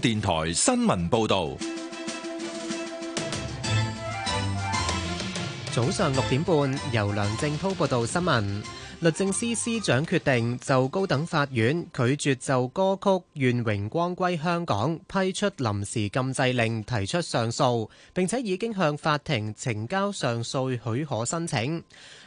電台新聞報道，早上六點半，由梁正濤報道新聞。律政司司長決定就高等法院拒絕就歌曲《願榮光歸香港》批出臨時禁制令提出上訴，並且已經向法庭呈交上訴許可申請。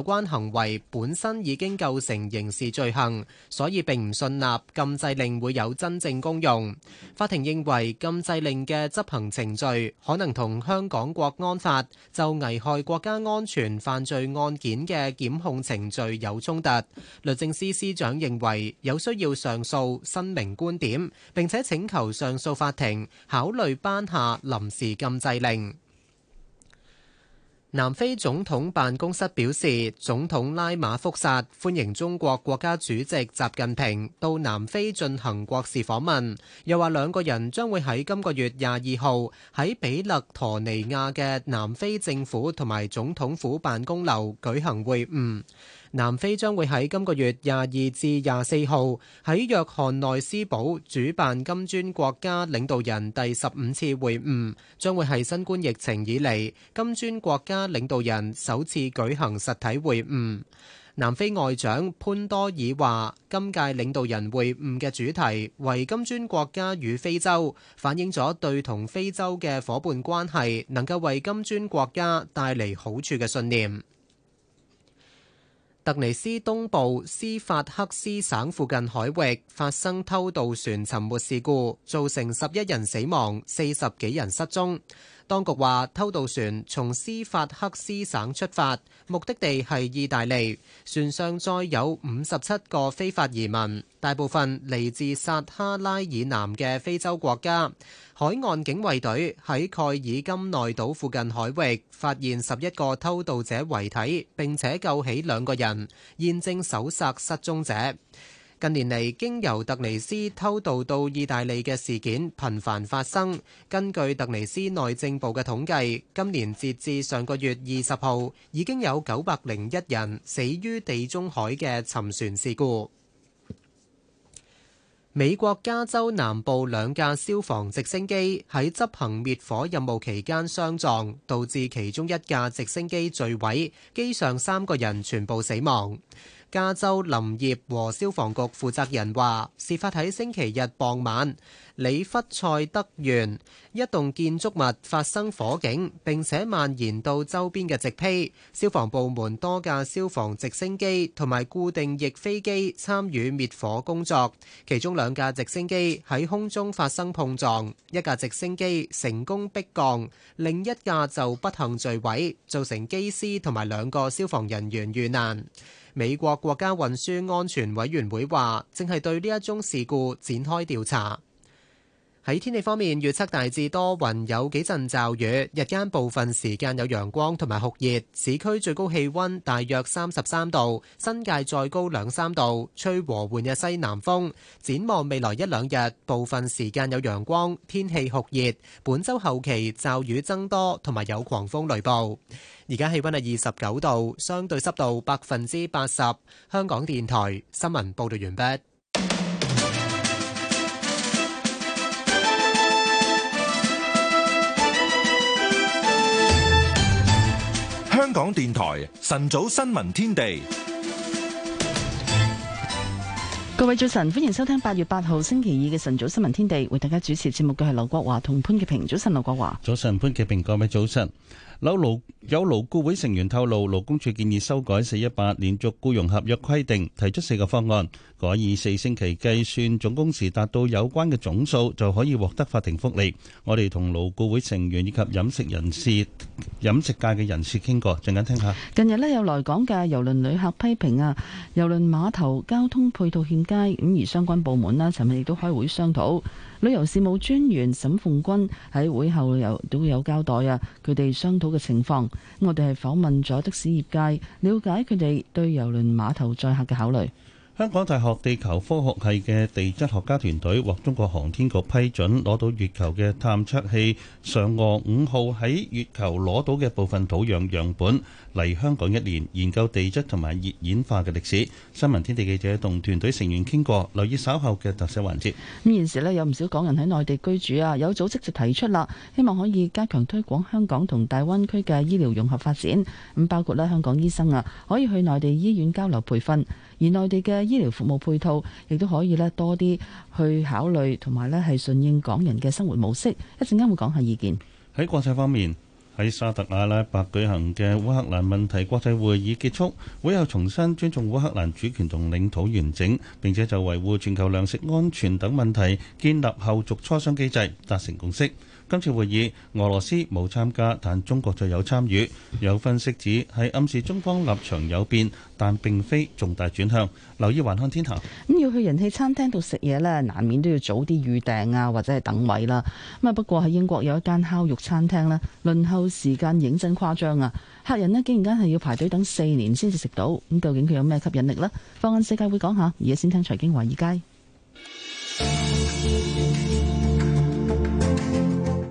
有關行為本身已經構成刑事罪行，所以並唔信納禁制令會有真正功用。法庭認為禁制令嘅執行程序可能同香港國安法就危害國家安全犯罪案件嘅檢控程序有衝突。律政司司長認為有需要上訴申明觀點，並且請求上訴法庭考慮頒下臨時禁制令。南非總統辦公室表示，總統拉馬福薩歡迎中國國家主席習近平到南非進行國事訪問，又話兩個人將會喺今個月廿二號喺比勒陀尼亞嘅南非政府同埋總統府辦公樓舉行會晤。南非將會喺今個月廿二至廿四號喺約翰內斯堡主辦金磚國家領導人第十五次會晤，將會係新冠疫情以嚟金磚國家領導人首次舉行實體會晤。南非外長潘多爾話：今屆領導人會晤嘅主題為金磚國家與非洲，反映咗對同非洲嘅伙伴關係能夠為金磚國家帶嚟好處嘅信念。突尼斯東部斯法克斯省附近海域發生偷渡船沉沒事故，造成十一人死亡、四十幾人失蹤。當局話，偷渡船從斯法克斯省出發，目的地係意大利，船上載有五十七個非法移民，大部分嚟自撒哈拉以南嘅非洲國家。海岸警衛隊喺蓋爾金內島附近海域發現十一個偷渡者遺體，並且救起兩個人，現正搜索失蹤者。近年嚟，經由突尼斯偷渡到意大利嘅事件頻繁發生。根據突尼斯內政部嘅統計，今年截至上個月二十號，已經有九百零一人死於地中海嘅沉船事故。美國加州南部兩架消防直升機喺執行滅火任務期間相撞，導致其中一架直升機墜毀，機上三個人全部死亡。加州林業和消防局負責人話，事發喺星期日傍晚，里弗賽德縣一棟建築物發生火警，並且蔓延到周邊嘅植被。消防部門多架消防直升機同埋固定翼飛機參與滅火工作，其中兩架直升機喺空中發生碰撞，一架直升機成功迫降，另一架就不幸墜毀，造成機師同埋兩個消防人員遇難。美國國家運輸安全委員會話，正係對呢一宗事故展開調查。喺天氣方面，預測大致多雲，有幾陣驟雨，日間部分時間有陽光同埋酷熱，市區最高氣溫大約三十三度，新界再高兩三度，吹和緩嘅西南風。展望未來一兩日，部分時間有陽光，天氣酷熱。本周後期驟雨增多，同埋有，有狂風雷暴。而家氣溫係二十九度，相對濕度百分之八十。香港電台新聞報道完畢。香港電台晨早新聞天地，各位早晨，歡迎收聽八月八號星期二嘅晨早新聞天地，為大家主持節目嘅係劉國華同潘潔平。早晨，劉國華，早晨，潘潔平，各位早晨。有勞有勞，僱會成員透露，勞工處建議修改四一八連續僱傭合約規定，提出四個方案。改以四星期計算總工時，達到有關嘅總數就可以獲得法庭福利。我哋同勞顧會成員以及飲食人士、飲食界嘅人士傾過，陣間聽下。近日呢，有來港嘅郵輪旅客批評啊，郵輪碼頭交通配套欠佳，咁而相關部門呢，尋日亦都開會商討，旅遊事務專員沈鳳君喺會後又都有交代啊，佢哋商討嘅情況。我哋係訪問咗的士業界，了解佢哋對郵輪碼頭載客嘅考慮。香港大學地球科學系嘅地質學家團隊獲中國航天局批准，攞到月球嘅探測器嫦娥五號喺月球攞到嘅部分土壤樣本嚟香港一年研究地質同埋熱演化嘅歷史。新聞天地記者同團隊成員傾過，留意稍後嘅特寫環節。咁現時咧有唔少港人喺內地居住啊，有組織就提出啦，希望可以加強推廣香港同大灣區嘅醫療融合發展。咁包括咧香港醫生啊，可以去內地醫院交流培訓。而內地嘅醫療服務配套亦都可以咧多啲去考慮，同埋咧係順應港人嘅生活模式。一陣間會講下意見。喺國際方面，喺沙特阿拉伯舉行嘅烏克蘭問題國際會議結束，會後重申尊重烏克蘭主權同領土完整，並且就維護全球糧食安全等問題建立後續磋商機制，達成共識。今次會議，俄羅斯冇參加，但中國就有參與。有分析指係暗示中方立場有變，但並非重大轉向。留意環看天下。咁要去人氣餐廳度食嘢呢，難免都要早啲預訂啊，或者係等位啦。咁啊，不過喺英國有一間烤肉餐廳呢，輪候時間認真誇張啊！客人呢，竟然間係要排隊等四年先至食到。咁究竟佢有咩吸引力呢？放眼世界會講下，而家先聽財經華爾街。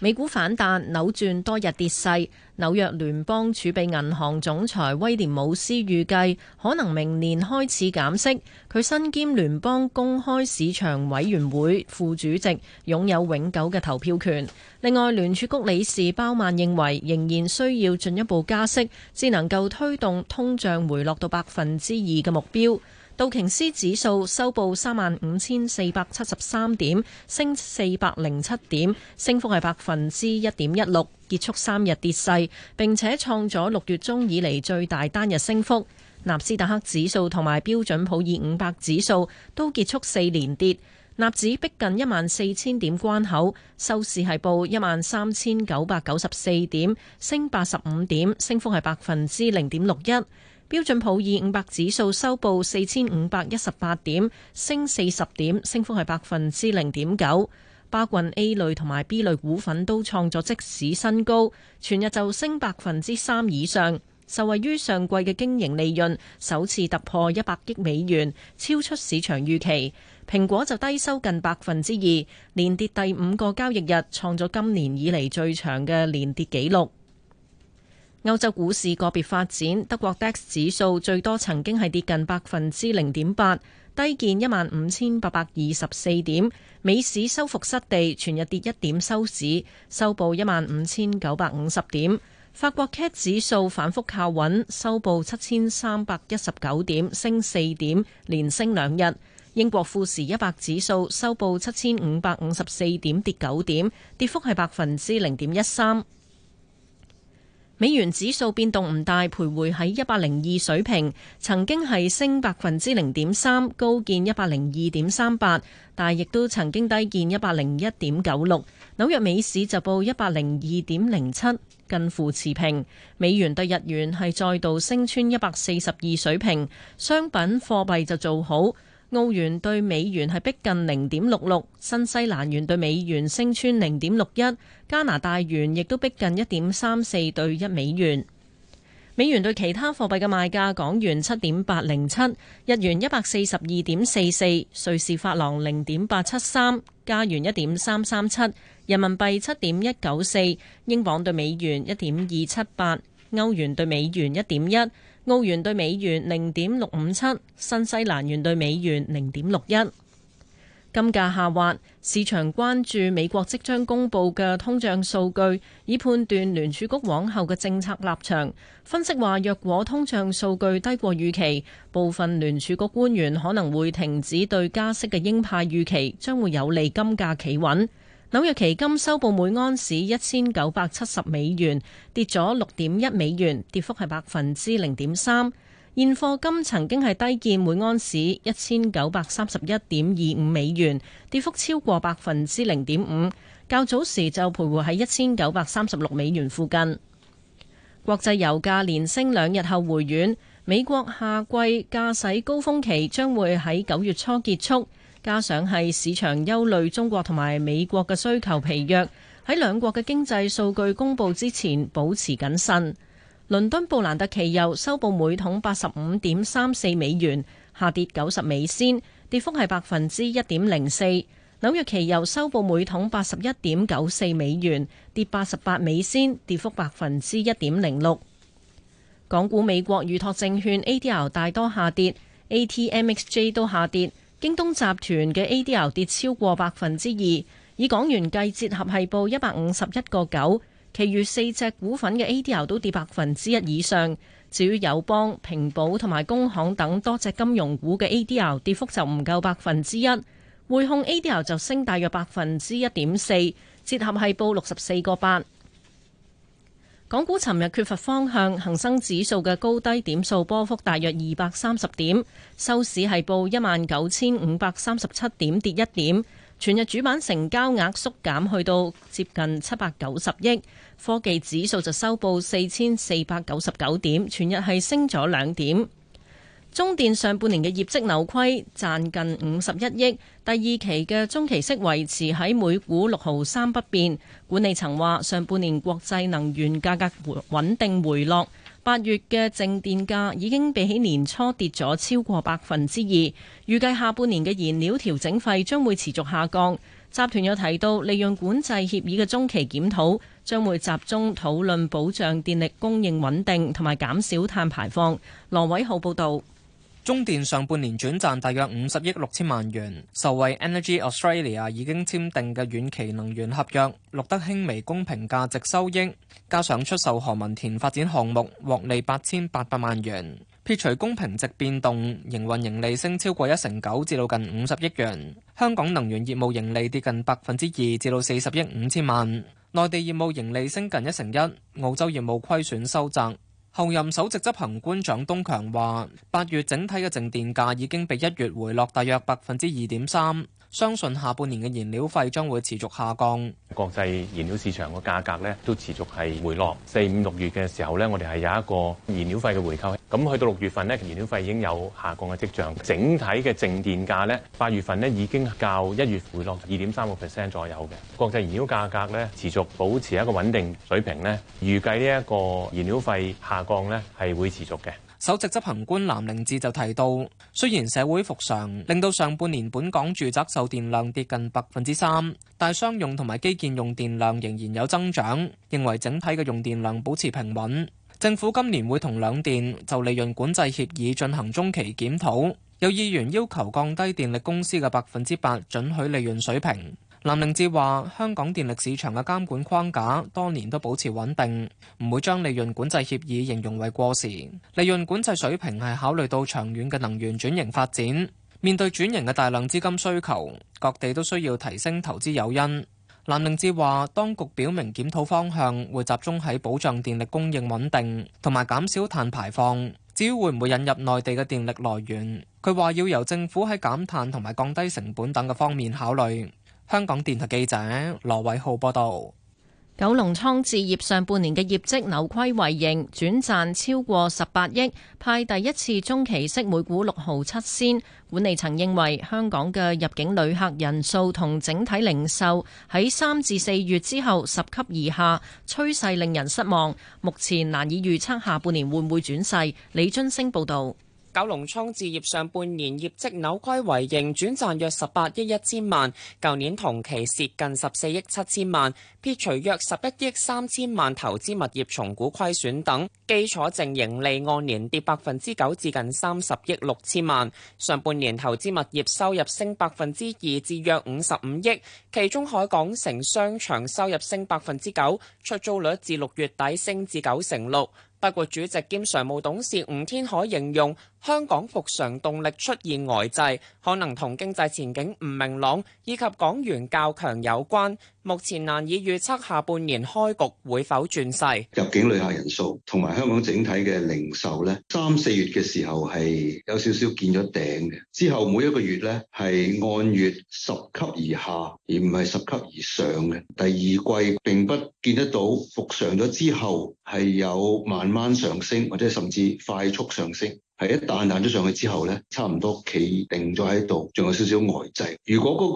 美股反彈，扭轉多日跌勢。紐約聯邦儲備銀行總裁威廉姆斯預計可能明年開始減息。佢身兼聯邦公開市場委員會副主席，擁有永久嘅投票權。另外，聯儲局理事包曼認為仍然需要進一步加息，至能夠推動通脹回落到百分之二嘅目標。道瓊斯指數收報三萬五千四百七十三點，升四百零七點，升幅係百分之一點一六，結束三日跌勢，並且創咗六月中以嚟最大單日升幅。納斯達克指數同埋標準普爾五百指數都結束四連跌，納指逼近一萬四千點關口，收市係報一萬三千九百九十四點，升八十五點，升幅係百分之零點六一。標準普爾五百指數收報四千五百一十八點，升四十點，升幅係百分之零點九。巴郡 A 類同埋 B 類股份都創咗即時新高，全日就升百分之三以上。受惠於上季嘅經營利潤，首次突破一百億美元，超出市場預期。蘋果就低收近百分之二，連跌第五個交易日，創咗今年以嚟最長嘅連跌紀錄。歐洲股市個別發展，德國 DAX 指數最多曾經係跌近百分之零點八，低見一萬五千八百二十四點。美市收復失地，全日跌一點收市，收報一萬五千九百五十點。法國 CAC 指數反覆靠穩，收報七千三百一十九點，升四點，連升兩日。英國富時一百指數收報七千五百五十四點，跌九點，跌幅係百分之零點一三。美元指數變動唔大，徘徊喺一百零二水平，曾經係升百分之零點三，高見一百零二點三八，但亦都曾經低見一百零一點九六。紐約美市就報一百零二點零七，近乎持平。美元對日元係再度升穿一百四十二水平，商品貨幣就做好。澳元對美元係逼近零點六六，新西蘭元對美元升穿零點六一，加拿大元亦都逼近一點三四對一美元。美元對其他貨幣嘅賣價：港元七點八零七，日元一百四十二點四四，瑞士法郎零點八七三，加元一點三三七，人民幣七點一九四，英鎊對美元一點二七八，歐元對美元一點一。澳元兌美元零點六五七，新西蘭元兌美元零點六一。金價下滑，市場關注美國即將公布嘅通脹數據，以判斷聯儲局往後嘅政策立場。分析話，若果通脹數據低過預期，部分聯儲局官員可能會停止對加息嘅鷹派預期，將會有利金價企穩。紐約期金收報每安士一千九百七十美元，跌咗六點一美元，跌幅係百分之零點三。現貨金曾經係低見每安士一千九百三十一點二五美元，跌幅超過百分之零點五。較早時就徘徊喺一千九百三十六美元附近。國際油價連升兩日後回軟，美國夏季駕駛高峰期將會喺九月初結束。加上係市場憂慮中國同埋美國嘅需求疲弱，喺兩國嘅經濟數據公佈之前，保持謹慎。倫敦布蘭特期油收報每桶八十五點三四美元，下跌九十美仙，跌幅係百分之一點零四。紐約期油收報每桶八十一點九四美元，跌八十八美仙，跌幅百分之一點零六。港股美國預託證券 ADR 大多下跌，ATMXJ 都下跌。京東集團嘅 ADR 跌超過百分之二，以港元計，折合係報一百五十一個九。其餘四隻股份嘅 ADR 都跌百分之一以上。至於友邦、平保同埋工行等多隻金融股嘅 ADR 跌幅就唔夠百分之一。匯控 ADR 就升大約百分之一點四，折合係報六十四個八。港股尋日缺乏方向，恒生指數嘅高低點數波幅大約二百三十點，收市係報一萬九千五百三十七點，跌一點。全日主板成交額縮減，減去到接近七百九十億，科技指數就收報四千四百九十九點，全日係升咗兩點。中電上半年嘅業績扭虧，賺近五十一億。第二期嘅中期息維持喺每股六毫三不變。管理層話，上半年國際能源價格穩定回落，八月嘅淨電價已經比起年初跌咗超過百分之二。預計下半年嘅燃料調整費將會持續下降。集團又提到，利用管制協議嘅中期檢討將會集中討論保障電力供應穩定同埋減少碳排放。羅偉浩報導。中電上半年轉賺大約五十億六千萬元，受惠 Energy Australia 已經簽訂嘅遠期能源合約，錄得輕微公平價值收益，加上出售何文田發展項目獲利八千八百萬元，撇除公平值變動，營運盈利升超過一成九，至到近五十億元。香港能源業務盈利跌近百分之二，至到四十億五千萬；內地業務盈利升近一成一，澳洲業務虧損收窄。後任首席執行官蔣東強話：八月整體嘅淨電價已經比一月回落大約百分之二點三。相信下半年嘅燃料費將會持續下降。國際燃料市場個價格咧，都持續係回落。四五六月嘅時候咧，我哋係有一個燃料費嘅回購。咁去到六月份咧，燃料費已經有下降嘅跡象。整體嘅淨電價咧，八月份咧已經較一月回落二點三個 percent 左右嘅。國際燃料價格咧持續保持一個穩定水平咧，預計呢一個燃料費下降咧係會持續嘅。首席執行官藍寧志就提到，雖然社會復常令到上半年本港住宅售電量跌近百分之三，但商用同埋基建用電量仍然有增長，認為整體嘅用電量保持平穩。政府今年會同兩電就利潤管制協議進行中期檢討，有議員要求降低電力公司嘅百分之八準許利潤水平。林明志話，香港電力市場嘅監管框架多年都保持穩定，唔會將利潤管制協議形容為過時。利潤管制水平係考慮到長遠嘅能源轉型發展。面對轉型嘅大量資金需求，各地都需要提升投資誘因。林明志話當局表明檢討方向會集中喺保障電力供應穩定同埋減少碳排放。至於會唔會引入內地嘅電力來源，佢話要由政府喺減碳同埋降低成本等嘅方面考慮。香港電台記者羅偉浩報道，九龍倉置業上半年嘅業績扭虧為盈，轉賺超過十八億，派第一次中期息每股六毫七仙。管理層認為香港嘅入境旅客人數同整體零售喺三至四月之後拾級而下趨勢令人失望，目前難以預測下半年會唔會轉勢，李津星報道。九龍倉置業上半年業績扭虧為盈，轉賺約十八億一千萬，舊年同期蝕近十四億七千萬，撇除約十一億三千萬投資物業重估虧損等，基礎淨盈利按年跌百分之九至近三十億六千萬。上半年投資物業收入升百分之二至約五十五億，其中海港城商場收入升百分之九，出租率至六月底升至九成六。不過主席兼常務董事吳天海形容。香港復常動力出現呆滯，可能同經濟前景唔明朗以及港元較強有關。目前難以預測下半年開局會否轉勢。入境旅客人數同埋香港整體嘅零售咧，三四月嘅時候係有少少見咗頂嘅，之後每一個月咧係按月十級而下，而唔係十級而上嘅。第二季並不見得到復常咗之後係有慢慢上升或者甚至快速上升。係一彈彈咗上去之後呢，差唔多企定咗喺度，仲有少少呆滯。如果嗰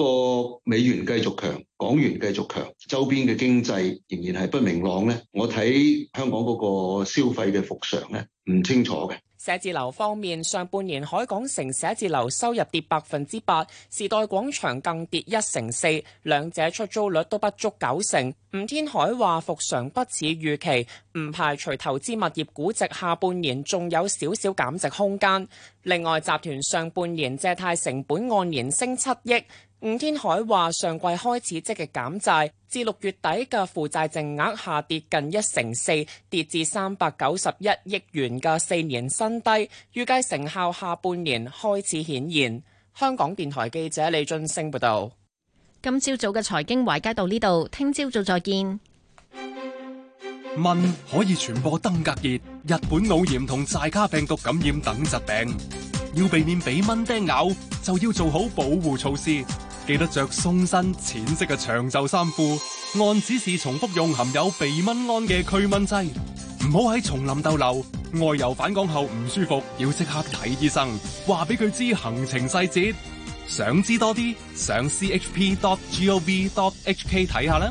個美元繼續強，港元繼續強，周邊嘅經濟仍然係不明朗呢，我睇香港嗰個消費嘅復常呢，唔清楚嘅。寫字樓方面，上半年海港城寫字樓收入跌百分之八，時代廣場更跌一成四，兩者出租率都不足九成。吳天海話復常不似預期，唔排除投資物業估值下半年仲有少少減值空間。另外，集團上半年借貸成本按年升七億。吳天海話：上季開始積極減債，至六月底嘅負債淨額下跌近一成四，跌至三百九十一億元嘅四年新低。預計成效下半年開始顯現。香港電台記者李俊升報道。今朝早嘅財經圍街到呢度，聽朝早，早再見。蚊可以傳播登革熱、日本腦炎同寨卡病毒感染等疾病。要避免俾蚊叮咬，就要做好保護措施。記得着鬆身淺色嘅長袖衫褲。按指示重複用含有避蚊胺嘅驅蚊劑。唔好喺叢林逗留。外遊返港後唔舒服，要即刻睇醫生。話俾佢知行程細節。想知多啲，上 chp.gov.hk 睇下啦。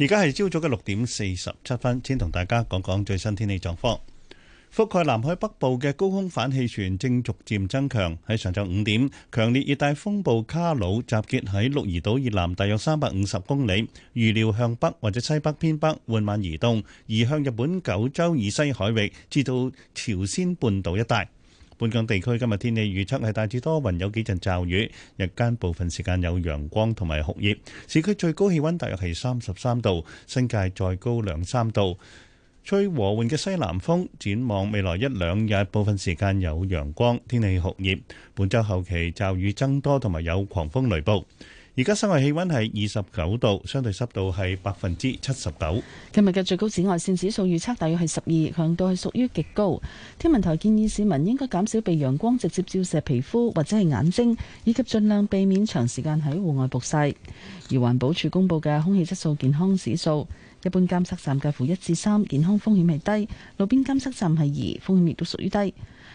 而家係朝早嘅六點四十七分，先同大家講講最新天氣狀況。覆蓋南海北部嘅高空反氣旋正逐漸增強，喺上晝五點，強烈熱帶風暴卡努集結喺鹿兒島以南大約三百五十公里，預料向北或者西北偏北緩慢移動，移向日本九州以西海域，至到朝鮮半島一帶。本港地區今日天，天氣預測係大致多雲，有幾陣驟雨，日間部分時間有陽光同埋酷熱。市區最高氣溫大約係三十三度，新界再高兩三度。吹和緩嘅西南風，展望未來一兩日部分時間有陽光，天氣酷熱。本週後期驟雨增多，同埋有狂風雷暴。而家室外氣溫係二十九度，相對濕度係百分之七十九。今日嘅最高紫外綫指數預測大約係十二，強度係屬於極高。天文台建議市民應該減少被陽光直接照射皮膚或者係眼睛，以及盡量避免長時間喺戶外曝曬。而環保署公布嘅空氣質素健康指數，一般監測站介乎一至三，健康風險係低；路邊監測站係二，風險亦都屬於低。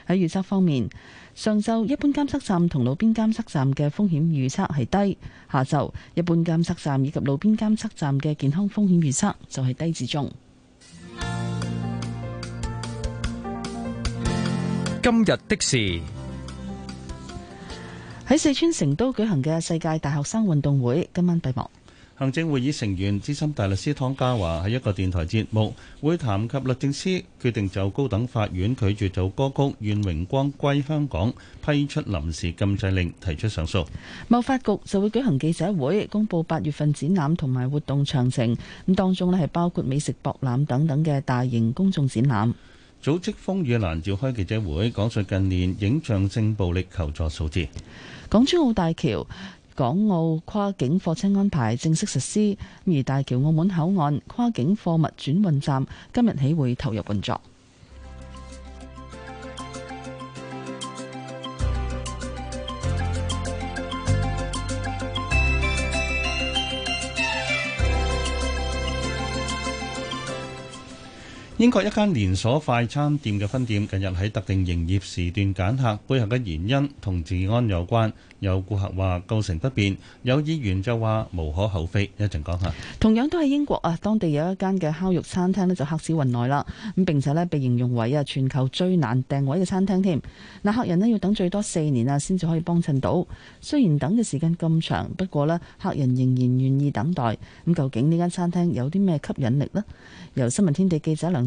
喺預測方面，上晝一般監測站同路邊監測站嘅風險預測係低；下晝一般監測站以及路邊監測站嘅健康風險預測就係低至中。今日的事，喺四川成都舉行嘅世界大學生運動會，今晚閉幕。行政會議成員資深大律師湯家驊喺一個電台節目會談及律政司決定就高等法院拒絕就歌曲《願榮光歸香港》批出臨時禁制令提出上訴。貿發局就會舉行記者會，公布八月份展覽同埋活動詳情，咁當中呢係包括美食博覽等等嘅大型公眾展覽。組織風雨蘭召開記者會，講述近年影像性暴力求助數字。港珠澳大橋，港澳跨境貨車安排正式實施，而大橋澳門口岸跨境貨物轉運站今日起會投入運作。英國一間連鎖快餐店嘅分店近日喺特定營業時段揀客，背後嘅原因同治安有關。有顧客話構成不便，有議員就話無可厚非。一陣講一下。同樣都喺英國啊，當地有一間嘅烤肉餐廳呢就客似雲來啦。咁並且呢，被形容為啊全球最難訂位嘅餐廳添。嗱，客人呢要等最多四年啊先至可以幫襯到。雖然等嘅時間咁長，不過呢客人仍然願意等待。咁究竟呢間餐廳有啲咩吸引力呢？由新聞天地記者梁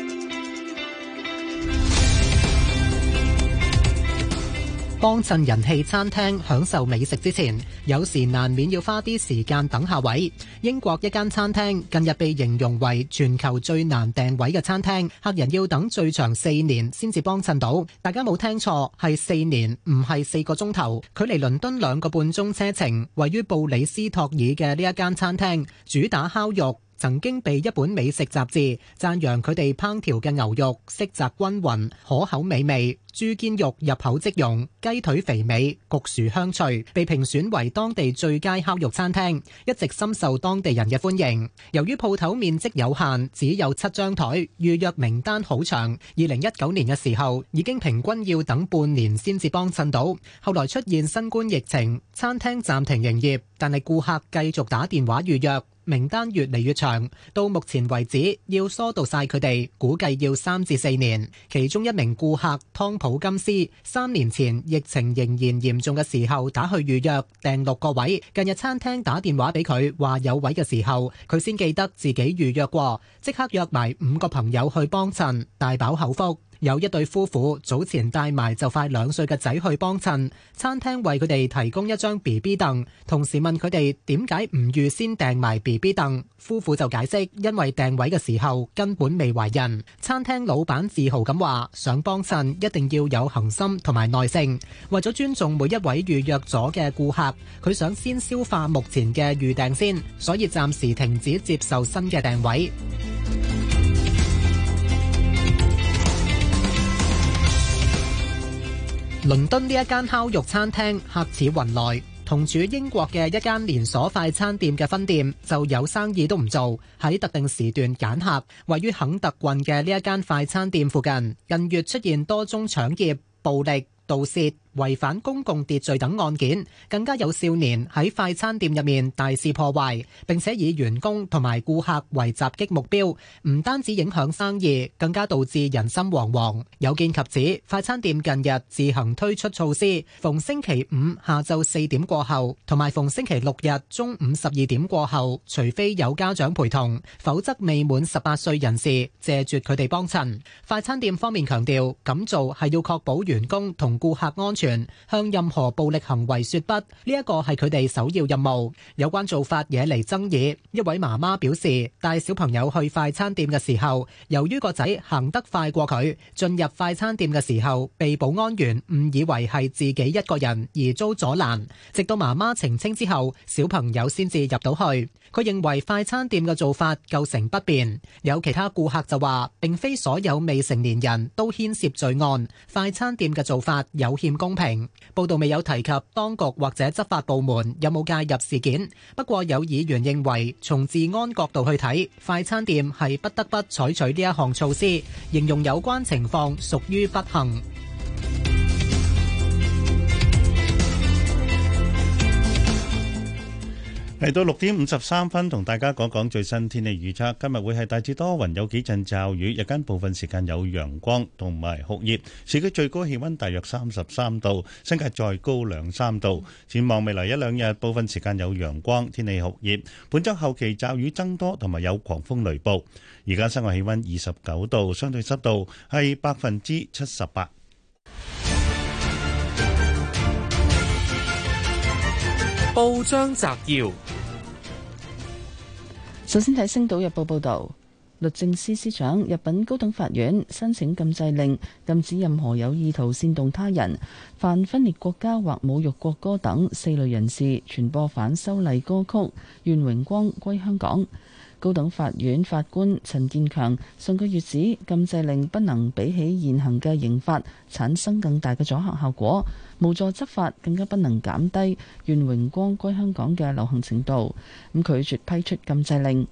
幫襯人氣餐廳享受美食之前，有時難免要花啲時間等下位。英國一間餐廳近日被形容為全球最難訂位嘅餐廳，客人要等最長四年先至幫襯到。大家冇聽錯，係四年，唔係四個鐘頭。距離倫敦兩個半鐘車程，位於布里斯托爾嘅呢一間餐廳主打烤肉。曾經被一本美食雜誌讚揚佢哋烹調嘅牛肉色澤均匀、可口美味；豬肩肉入口即溶，雞腿肥美、焗薯香脆，被評選為當地最佳烤肉餐廳，一直深受當地人嘅歡迎。由於鋪頭面積有限，只有七張台，預約名單好長。二零一九年嘅時候，已經平均要等半年先至幫襯到。後來出現新冠疫情，餐廳暫停營業，但係顧客繼續打電話預約。名單越嚟越長，到目前為止要疏導晒佢哋，估計要三至四年。其中一名顧客湯普金斯三年前疫情仍然嚴重嘅時候打去預約訂六個位，近日餐廳打電話俾佢話有位嘅時候，佢先記得自己預約過，即刻約埋五個朋友去幫襯，大飽口福。有一對夫婦早前帶埋就快兩歲嘅仔去幫襯餐廳，為佢哋提供一張 BB 凳，同時問佢哋點解唔預先訂埋 BB 凳。夫婦就解釋因為訂位嘅時候根本未懷孕。餐廳老闆自豪咁話：想幫襯一定要有恆心同埋耐性。為咗尊重每一位預約咗嘅顧客，佢想先消化目前嘅預訂先，所以暫時停止接受新嘅訂位。倫敦呢一間烤肉餐廳客似雲來，同處英國嘅一間連鎖快餐店嘅分店就有生意都唔做，喺特定時段揀客。位於肯特郡嘅呢一間快餐店附近，近月出現多宗搶劫、暴力、盜竊。違反公共秩序等案件，更加有少年喺快餐店入面大肆破壞，並且以員工同埋顧客為襲擊目標，唔單止影響生意，更加導致人心惶惶。有見及此，快餐店近日自行推出措施：逢星期五下晝四點過後，同埋逢星期六日中午十二點過後，除非有家長陪同，否則未滿十八歲人士謝絕佢哋幫襯。快餐店方面強調，咁做係要確保員工同顧客安全。向任何暴力行為說不，呢一個係佢哋首要任務。有關做法惹嚟爭議。一位媽媽表示，帶小朋友去快餐店嘅時候，由於個仔行得快過佢，進入快餐店嘅時候被保安員誤以為係自己一個人而遭阻攔。直到媽媽澄清之後，小朋友先至入到去。佢認為快餐店嘅做法構成不便。有其他顧客就話，並非所有未成年人都牽涉罪案。快餐店嘅做法有欠公。公平報道，未有提及當局或者執法部門有冇介入事件，不過有議員認為從治安角度去睇，快餐店係不得不採取呢一項措施，形容有關情況屬於不幸。嚟到六點五十三分，同大家講講最新天氣預測。今日會係大致多雲，有幾陣驟雨。日間部分時間有陽光同埋酷熱，市區最高氣溫大約三十三度，新界再高兩三度。展望未來一兩日，部分時間有陽光，天氣酷熱。本周後期驟雨增多，同埋有狂風雷暴。而家室外氣溫二十九度，相對濕度係百分之七十八。報章摘要：首先睇《星島日報》報道，律政司司長入稟高等法院申請禁制令，禁止任何有意圖煽動他人、犯分裂國家或侮辱國歌等四類人士傳播反修例歌曲。願榮光歸香港。高等法院法官陳建強上個月指，禁制令不能比起現行嘅刑法產生更大嘅阻嚇效果，無助執法，更加不能減低願榮光歸香港嘅流行程度，咁拒絕批出禁制令。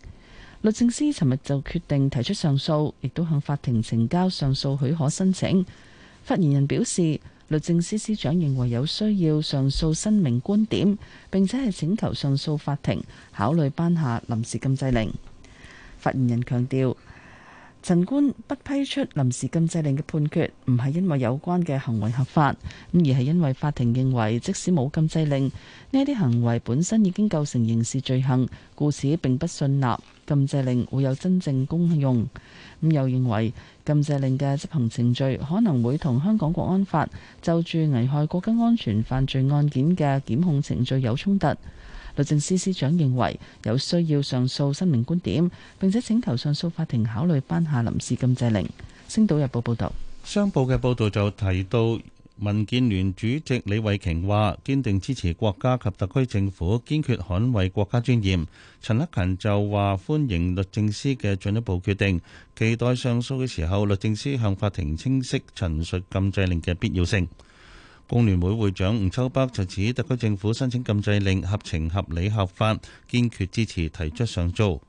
律政司尋日就決定提出上訴，亦都向法庭呈交上訴許可申請。發言人表示。律政司司長認為有需要上訴申明觀點，並且係請求上訴法庭考慮頒下臨時禁制令。發言人強調，陳官不批出臨時禁制令嘅判決，唔係因為有關嘅行為合法，而係因為法庭認為，即使冇禁制令，呢啲行為本身已經構成刑事罪行，故此並不信納，禁制令會有真正功用，咁又認為禁制令嘅執行程序可能會同香港國安法就住危害國家安全犯罪案件嘅檢控程序有衝突。律政司司長認為有需要上訴申明觀點，並且請求上訴法庭考慮頒下臨時禁制令。星島日報報導，商報嘅報導就提到。民建聯主席李慧瓊話：堅定支持國家及特區政府，堅決捍衛國家尊嚴。陳克勤就話歡迎律政司嘅進一步決定，期待上訴嘅時候，律政司向法庭清晰陳述禁制令嘅必要性。工聯會會長吳秋北就指特區政府申請禁制令合情合理合法，堅決支持提出上訴。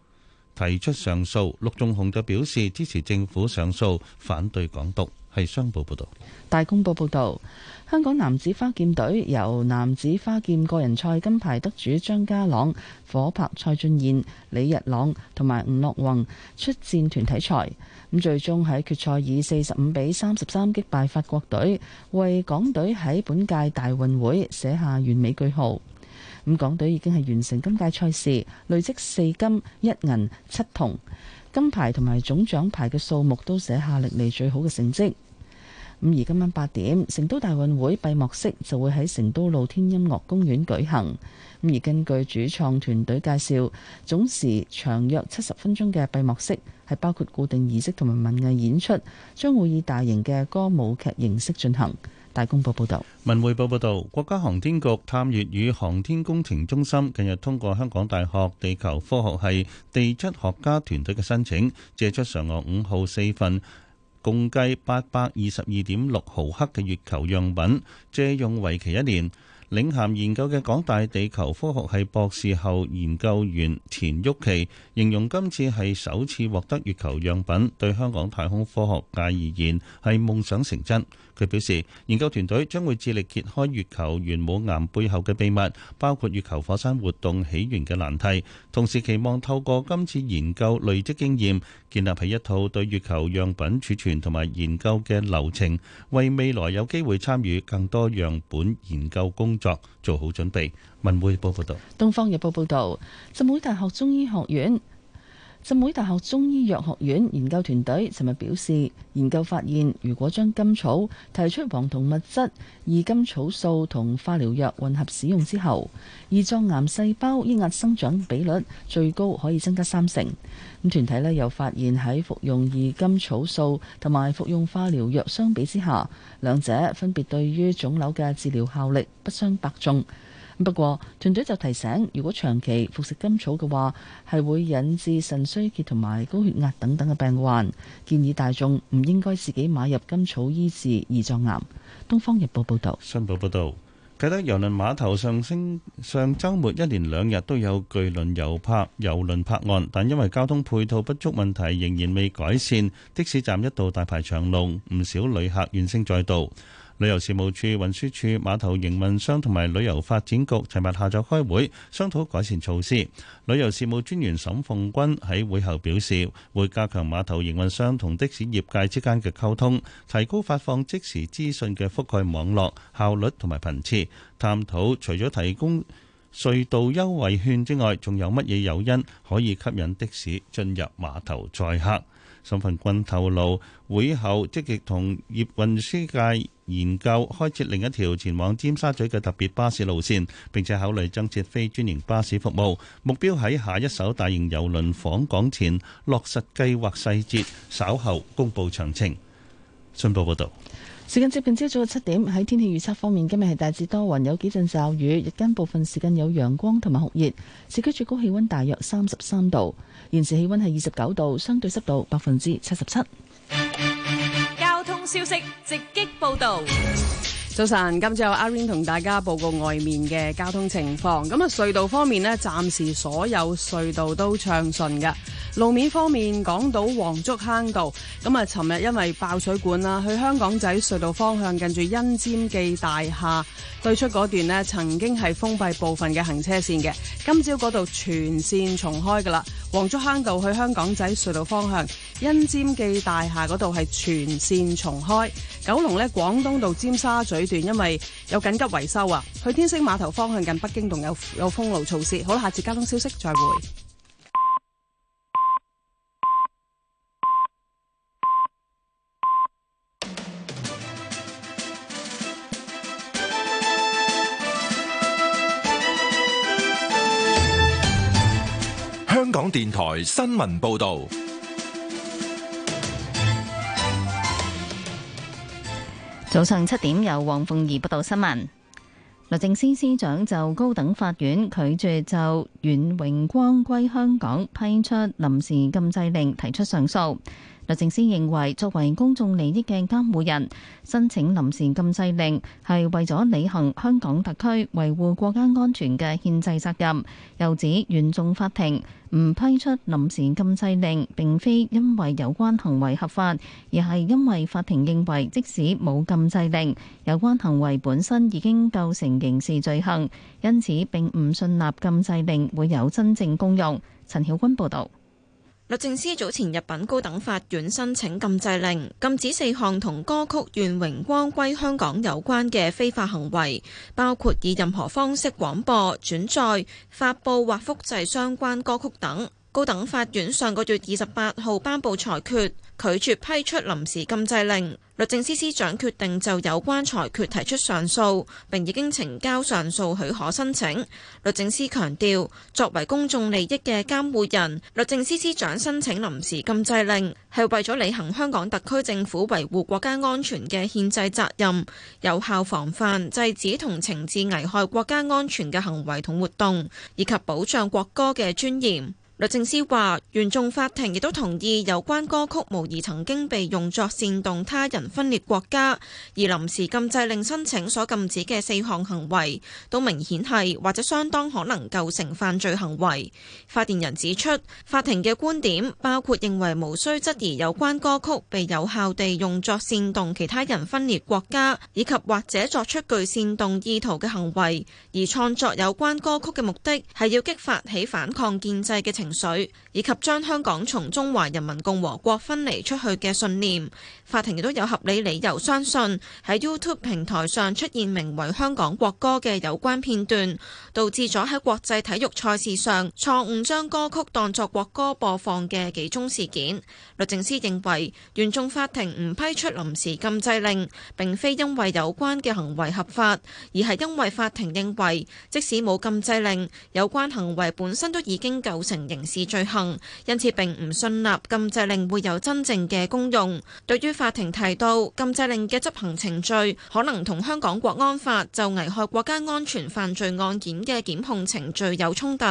提出上訴，陸頌雄就表示支持政府上訴，反對港獨。係商報報道，大公報報道，香港男子花劍隊由男子花劍個人賽金牌得主張家朗、夥拍蔡俊彥、李日朗同埋吳樂宏出戰團體賽，咁最終喺決賽以四十五比三十三擊敗法國隊，為港隊喺本屆大運會寫下完美句號。咁港隊已經係完成今屆賽事，累積四金一銀七銅。金牌同埋總獎牌嘅數目都寫下歷嚟最好嘅成績。咁而今晚八點，成都大運會閉幕式就會喺成都露天音樂公園舉行。咁而根據主創團隊介紹，總時長約七十分鐘嘅閉幕式係包括固定儀式同埋文藝演出，將會以大型嘅歌舞劇形式進行。大公報報道，文匯報報道，國家航天局探月與航天工程中心近日通過香港大學地球科學系地質學家團隊嘅申請，借出嫦娥五號四份共計八百二十二點六毫克嘅月球樣品，借用為期一年。領銜研究嘅港大地球科學系博士後研究員田旭琪形容，今次係首次獲得月球樣品，對香港太空科學界而言係夢想成真。佢表示，研究團隊將會致力揭開月球玄武岩背後嘅秘密，包括月球火山活動起源嘅難題，同時期望透過今次研究累積經驗，建立起一套對月球樣品儲存同埋研究嘅流程，為未來有機會參與更多樣本研究工作做好準備。文匯報報道，東方日報報道，浸會大學中醫學院。浸會大學中醫藥學院研究團隊尋日表示，研究發現，如果將甘草提出黃酮物質異甘草素，同化療藥混合使用之後，胰臟癌細胞抑壓生長比率最高可以增加三成。咁團體呢又發現喺服用異甘草素同埋服用化療藥相比之下，兩者分別對於腫瘤嘅治療效力不相伯仲。不過，團隊就提醒，如果長期服食甘草嘅話，係會引致腎衰竭同埋高血壓等等嘅病患，建議大眾唔應該自己買入甘草醫治胰臟癌。《東方日報》報道。《新報》報道，啟德郵輪碼頭上星上週末一連兩日都有巨輪遊泊郵輪泊岸，但因為交通配套不足問題仍然未改善，的士站一度大排長龍，唔少旅客怨聲載道。旅遊事務署、運輸署、碼頭營運商同埋旅遊發展局尋日下晝開會，商討改善措施。旅遊事務專員沈鳳君喺會後表示，會加強碼頭營運商同的士業界之間嘅溝通，提高發放即時資訊嘅覆蓋網絡效率同埋頻次，探討除咗提供隧道優惠券之外，仲有乜嘢誘因可以吸引的士進入碼頭載客。沈鳳君透露，會後積極同業運輸界。研究開設另一條前往尖沙咀嘅特別巴士路線，並且考慮增設非專營巴士服務。目標喺下一艘大型郵輪訪港前落實計劃細節，稍後公布詳情。信報報導。時間接近朝早七點，喺天氣預測方面，今日係大致多雲，有幾陣驟雨，日間部分時間有陽光同埋酷熱，市區最高氣温大約三十三度，現時氣温係二十九度，相對濕度百分之七十七。消息直擊報導。早晨，今朝阿 Ring 同大家報告外面嘅交通情況。咁啊，隧道方面呢，暫時所有隧道都暢順嘅。路面方面，港島黃竹坑道咁啊，尋日因為爆水管啦，去香港仔隧道方向近住恩尖記大廈對出嗰段呢，曾經係封閉部分嘅行車線嘅。今朝嗰度全線重開噶啦，黃竹坑道去香港仔隧道方向，恩尖記大廈嗰度係全線重開。九龍咧，廣東道尖沙咀段因為有緊急維修啊，去天星碼頭方向近北京道仲有封路措施。好啦，下次交通消息再會。香港電台新聞報道。早上七點，由黃鳳儀報道新聞。律政司司長就高等法院拒絕就願榮光歸香港批出臨時禁制令提出上訴。律政司認為，作為公眾利益嘅監護人，申請臨時禁制令係為咗履行香港特區維護國家安全嘅憲制責任。又指，原訟法庭唔批出臨時禁制令，並非因為有關行為合法，而係因為法庭認為，即使冇禁制令，有關行為本身已經構成刑事罪行，因此並唔信納禁制令會有真正功用。陳曉君報導。律政司早前入稟高等法院申請禁制令，禁止四項同歌曲《願榮光歸香港》有關嘅非法行為，包括以任何方式廣播、轉載、發佈或複製相關歌曲等。高等法院上個月二十八號頒布裁決，拒絕批出臨時禁制令。律政司司長決定就有關裁決提出上訴，並已經呈交上訴許可申請。律政司強調，作為公眾利益嘅監護人，律政司司長申請臨時禁制令係為咗履行香港特區政府維護國家安全嘅憲制責任，有效防範制止同懲治危害國家安全嘅行為同活動，以及保障國歌嘅尊嚴。律政司話，原訟法庭亦都同意有關歌曲無疑曾經被用作煽動他人分裂國家，而臨時禁制令申請所禁止嘅四項行為，都明顯係或者相當可能構成犯罪行為。發言人指出，法庭嘅觀點包括認為無需質疑有關歌曲被有效地用作煽動其他人分裂國家，以及或者作出具煽動意圖嘅行為，而創作有關歌曲嘅目的係要激發起反抗建制嘅情水以及將香港從中華人民共和國分離出去嘅信念。法庭亦都有合理理由相信，喺 YouTube 平台上出現名為香港國歌嘅有關片段，導致咗喺國際體育賽事上錯誤將歌曲當作國歌播放嘅幾宗事件。律政司認為，原訟法庭唔批出臨時禁制令，並非因為有關嘅行為合法，而係因為法庭認為，即使冇禁制令，有關行為本身都已經構成刑事罪行，因此並唔信納禁制令會有真正嘅功用。對於。法庭提到禁制令嘅執行程序可能同香港國安法就危害國家安全犯罪案件嘅檢控程序有衝突。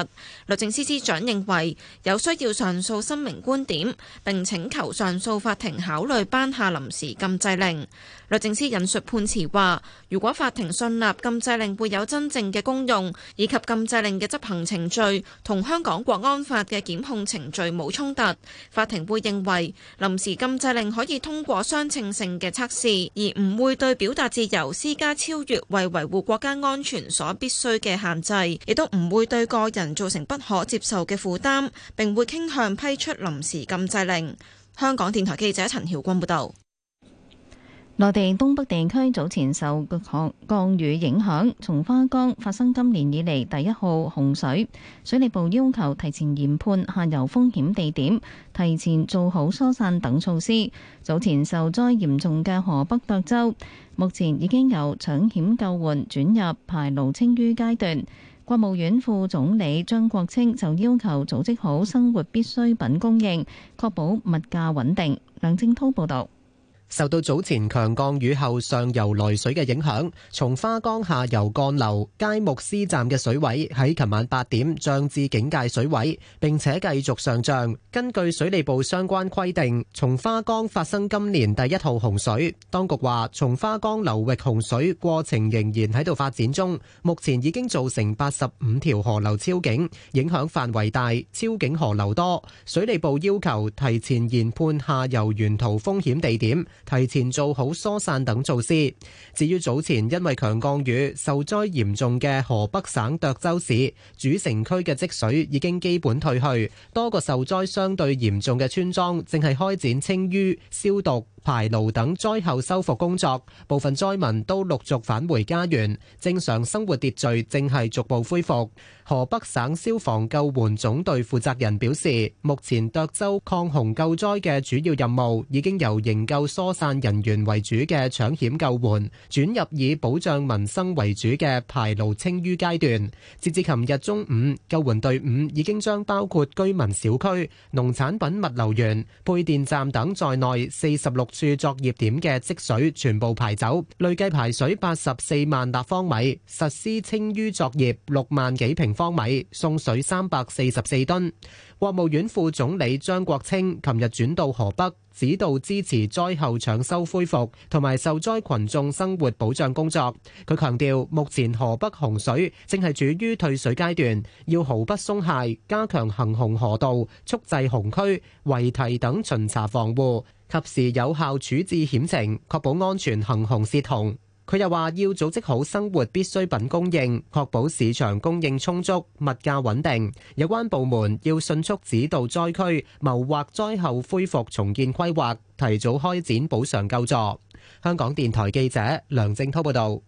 律政司司長認為有需要上訴申明觀點，並請求上訴法庭考慮頒下臨時禁制令。律政司引述判詞話：如果法庭信納禁制令會有真正嘅功用，以及禁制令嘅執行程序同香港國安法嘅檢控程序冇衝突，法庭會認為臨時禁制令可以通過。相稱性嘅測試，而唔會對表達自由施加超越為維護國家安全所必須嘅限制，亦都唔會對個人造成不可接受嘅負擔，並會傾向批出臨時禁制令。香港電台記者陳曉君報道。內地東北地區早前受降降雨影響，松花江發生今年以嚟第一號洪水。水利部要求提前研判下游風險地點，提前做好疏散等措施。早前受災嚴重嘅河北涿州，目前已經由搶險救援轉入排澇清淤階段。國務院副總理張國清就要求組織好生活必需品供應，確保物價穩定。梁正滔報導。受到早前強降雨後上游來水嘅影響，松花江下游幹流佳木斯站嘅水位喺琴晚八點漲至警戒水位，並且繼續上漲。根據水利部相關規定，松花江發生今年第一號洪水，當局話松花江流域洪水過程仍然喺度發展中，目前已經造成八十五條河流超警，影響範圍大，超警河流多。水利部要求提前研判下游沿途風險地點。提前做好疏散等措施。至於早前因為強降雨受災嚴重嘅河北省涿州市，主城區嘅積水已經基本退去，多個受災相對嚴重嘅村莊正係開展清淤、消毒、排澇等災後修復工作，部分災民都陸續返回家園，正常生活秩序正係逐步恢復。河北省消防救援總隊負責人表示，目前涿州抗洪救災嘅主要任務已經由營救疏散人員為主嘅搶險救援，轉入以保障民生為主嘅排澇清淤階段。截至琴日中午，救援隊伍已經將包括居民小區、農產品物流園、配電站等在內四十六處作業點嘅積水全部排走，累計排水八十四萬立方米，實施清淤作業六萬幾平方米，送水三百四十四噸。國務院副總理張國清琴日轉到河北，指導支持災後搶修恢復同埋受災群眾生活保障工作。佢強調，目前河北洪水正係處於退水階段，要毫不鬆懈，加強行洪河道、蓄滯洪區圍堤等巡查防護。及時有效處置險情，確保安全行洪洩洪。佢又話：要組織好生活必需品供應，確保市場供應充足，物價穩定。有關部門要迅速指導災區，謀劃災後恢復重建規劃，提早開展補償救助。香港電台記者梁正滔報道。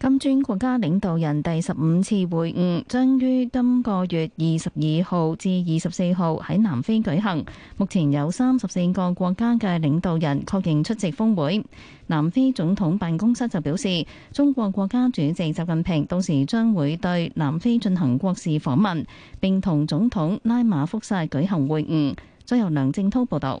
金磚國家領導人第十五次會晤將於今個月二十二號至二十四號喺南非舉行，目前有三十四個國家嘅領導人確認出席峰會。南非總統辦公室就表示，中國國家主席習近平到時將會對南非進行國事訪問，並同總統拉馬福薩舉行會晤。再由梁正濤報導。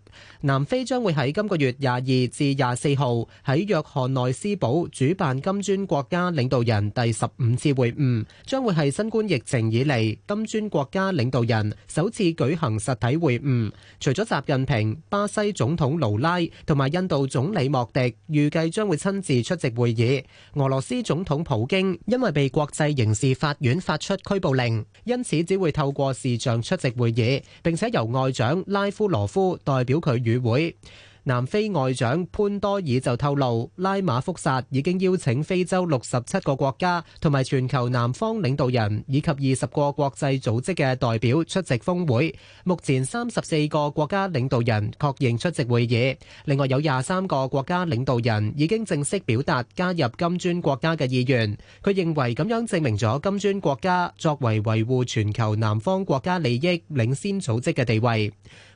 南非將會喺今個月廿二至廿四號喺約翰內斯堡主辦金磚國家領導人第十五次會晤，將會係新冠疫情以嚟金磚國家領導人首次舉行實體會晤。除咗習近平、巴西總統盧拉同埋印度總理莫迪，預計將會親自出席會議。俄羅斯總統普京因為被國際刑事法院發出拘捕令，因此只會透過視像出席會議，並且由外長拉夫羅夫代表。佢與會。南非外長潘多爾就透露，拉馬福薩已經邀請非洲六十七個國家同埋全球南方領導人以及二十個國際組織嘅代表出席峰會。目前三十四個國家領導人確認出席會議，另外有廿三個國家領導人已經正式表達加入金磚國家嘅意願。佢認為咁樣證明咗金磚國家作為維護全球南方國家利益領先組織嘅地位。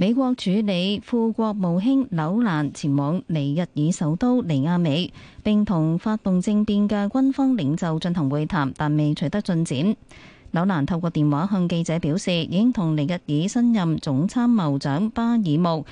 美國署理副國務卿紐蘭前往尼日爾首都尼亞美，並同發動政變嘅軍方領袖進行會談，但未取得進展。紐蘭透過電話向記者表示，已經同尼日爾新任總參謀長巴爾木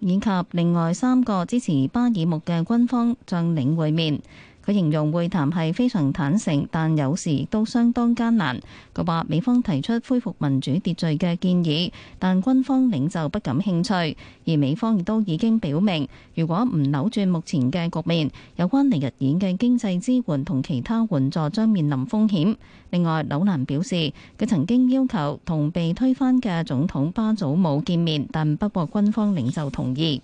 以及另外三個支持巴爾木嘅軍方將領會面。佢形容會談係非常坦誠，但有時亦都相當艱難。佢話美方提出恢復民主秩序嘅建議，但軍方領袖不感興趣。而美方亦都已經表明，如果唔扭轉目前嘅局面，有關尼日爾嘅經濟支援同其他援助將面臨風險。另外，紐蘭表示佢曾經要求同被推翻嘅總統巴祖姆見面，但不獲軍方領袖同意。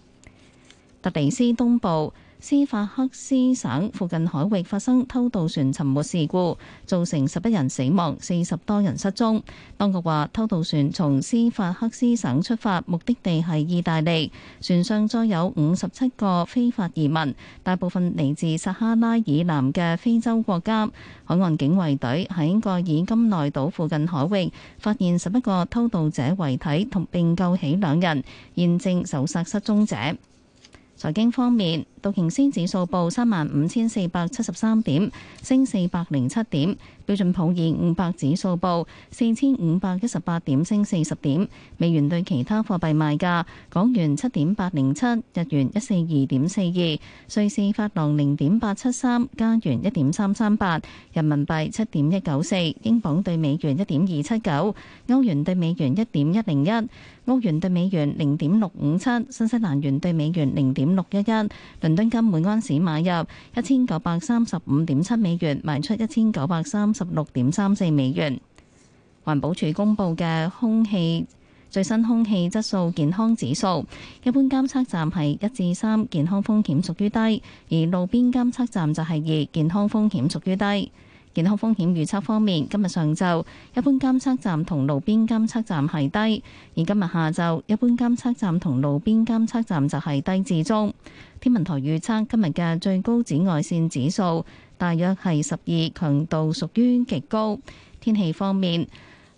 特尼斯東部。斯法克斯省附近海域發生偷渡船沉沒事故，造成十一人死亡、四十多人失蹤。當局話偷渡船從斯法克斯省出發，目的地係意大利，船上載有五十七個非法移民，大部分嚟自撒哈拉以南嘅非洲國家。海岸警衛隊喺蓋爾金內島附近海域發現十一個偷渡者遺體，同並救起兩人，現正搜殺失蹤者。財經方面。道瓊斯指數報三萬五千四百七十三點，升四百零七點。標準普爾五百指數報四千五百一十八點，升四十點。美元對其他貨幣賣價：港元七點八零七，日元一四二點四二，瑞士法郎零點八七三，加元一點三三八，人民幣七點一九四，英鎊對美元一點二七九，歐元對美元一點一零一，澳元對美元零點六五七，新西蘭元對美元零點六一一。金金每安士買入一千九百三十五點七美元，賣出一千九百三十六點三四美元。環保署公布嘅空氣最新空氣質素健康指數，一般監測站係一至三，健康風險屬於低；而路邊監測站就係二，健康風險屬於低。健康風險預測方面，今日上晝一般監測站同路邊監測站係低，而今日下晝一般監測站同路邊監測站就係低至中。天文台預測，今日嘅最高紫外線指數大約係十二，強度屬於極高。天氣方面。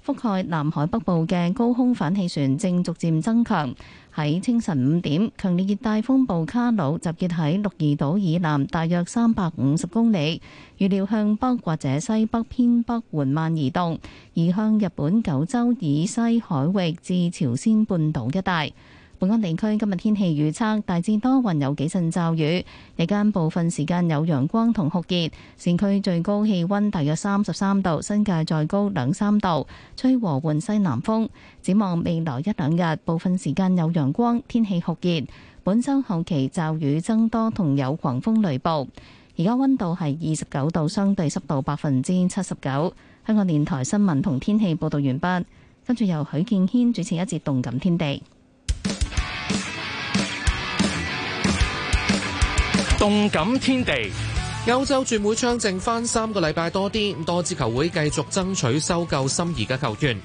覆蓋南海北部嘅高空反氣旋正逐漸增強。喺清晨五點，強烈熱帶風暴卡魯集結喺鹿兒島以南大約三百五十公里，預料向北或者西北偏北緩慢移動，移向日本九州以西海域至朝鮮半島一帶。本港地區今日天氣預測，大致多雲，有幾陣驟雨。日間部分時間有陽光同酷熱，市區最高氣溫大約三十三度，新界再高兩三度，吹和緩西南風。展望未來一兩日，部分時間有陽光，天氣酷熱。本周後期驟雨增多，同有狂風雷暴。而家溫度係二十九度，相對濕度百分之七十九。香港電台新聞同天氣報道完畢，跟住由許敬軒主持一節《動感天地》。動感天地，歐洲轉會窗剩翻三個禮拜多啲，多支球會繼續爭取收購心儀嘅球員。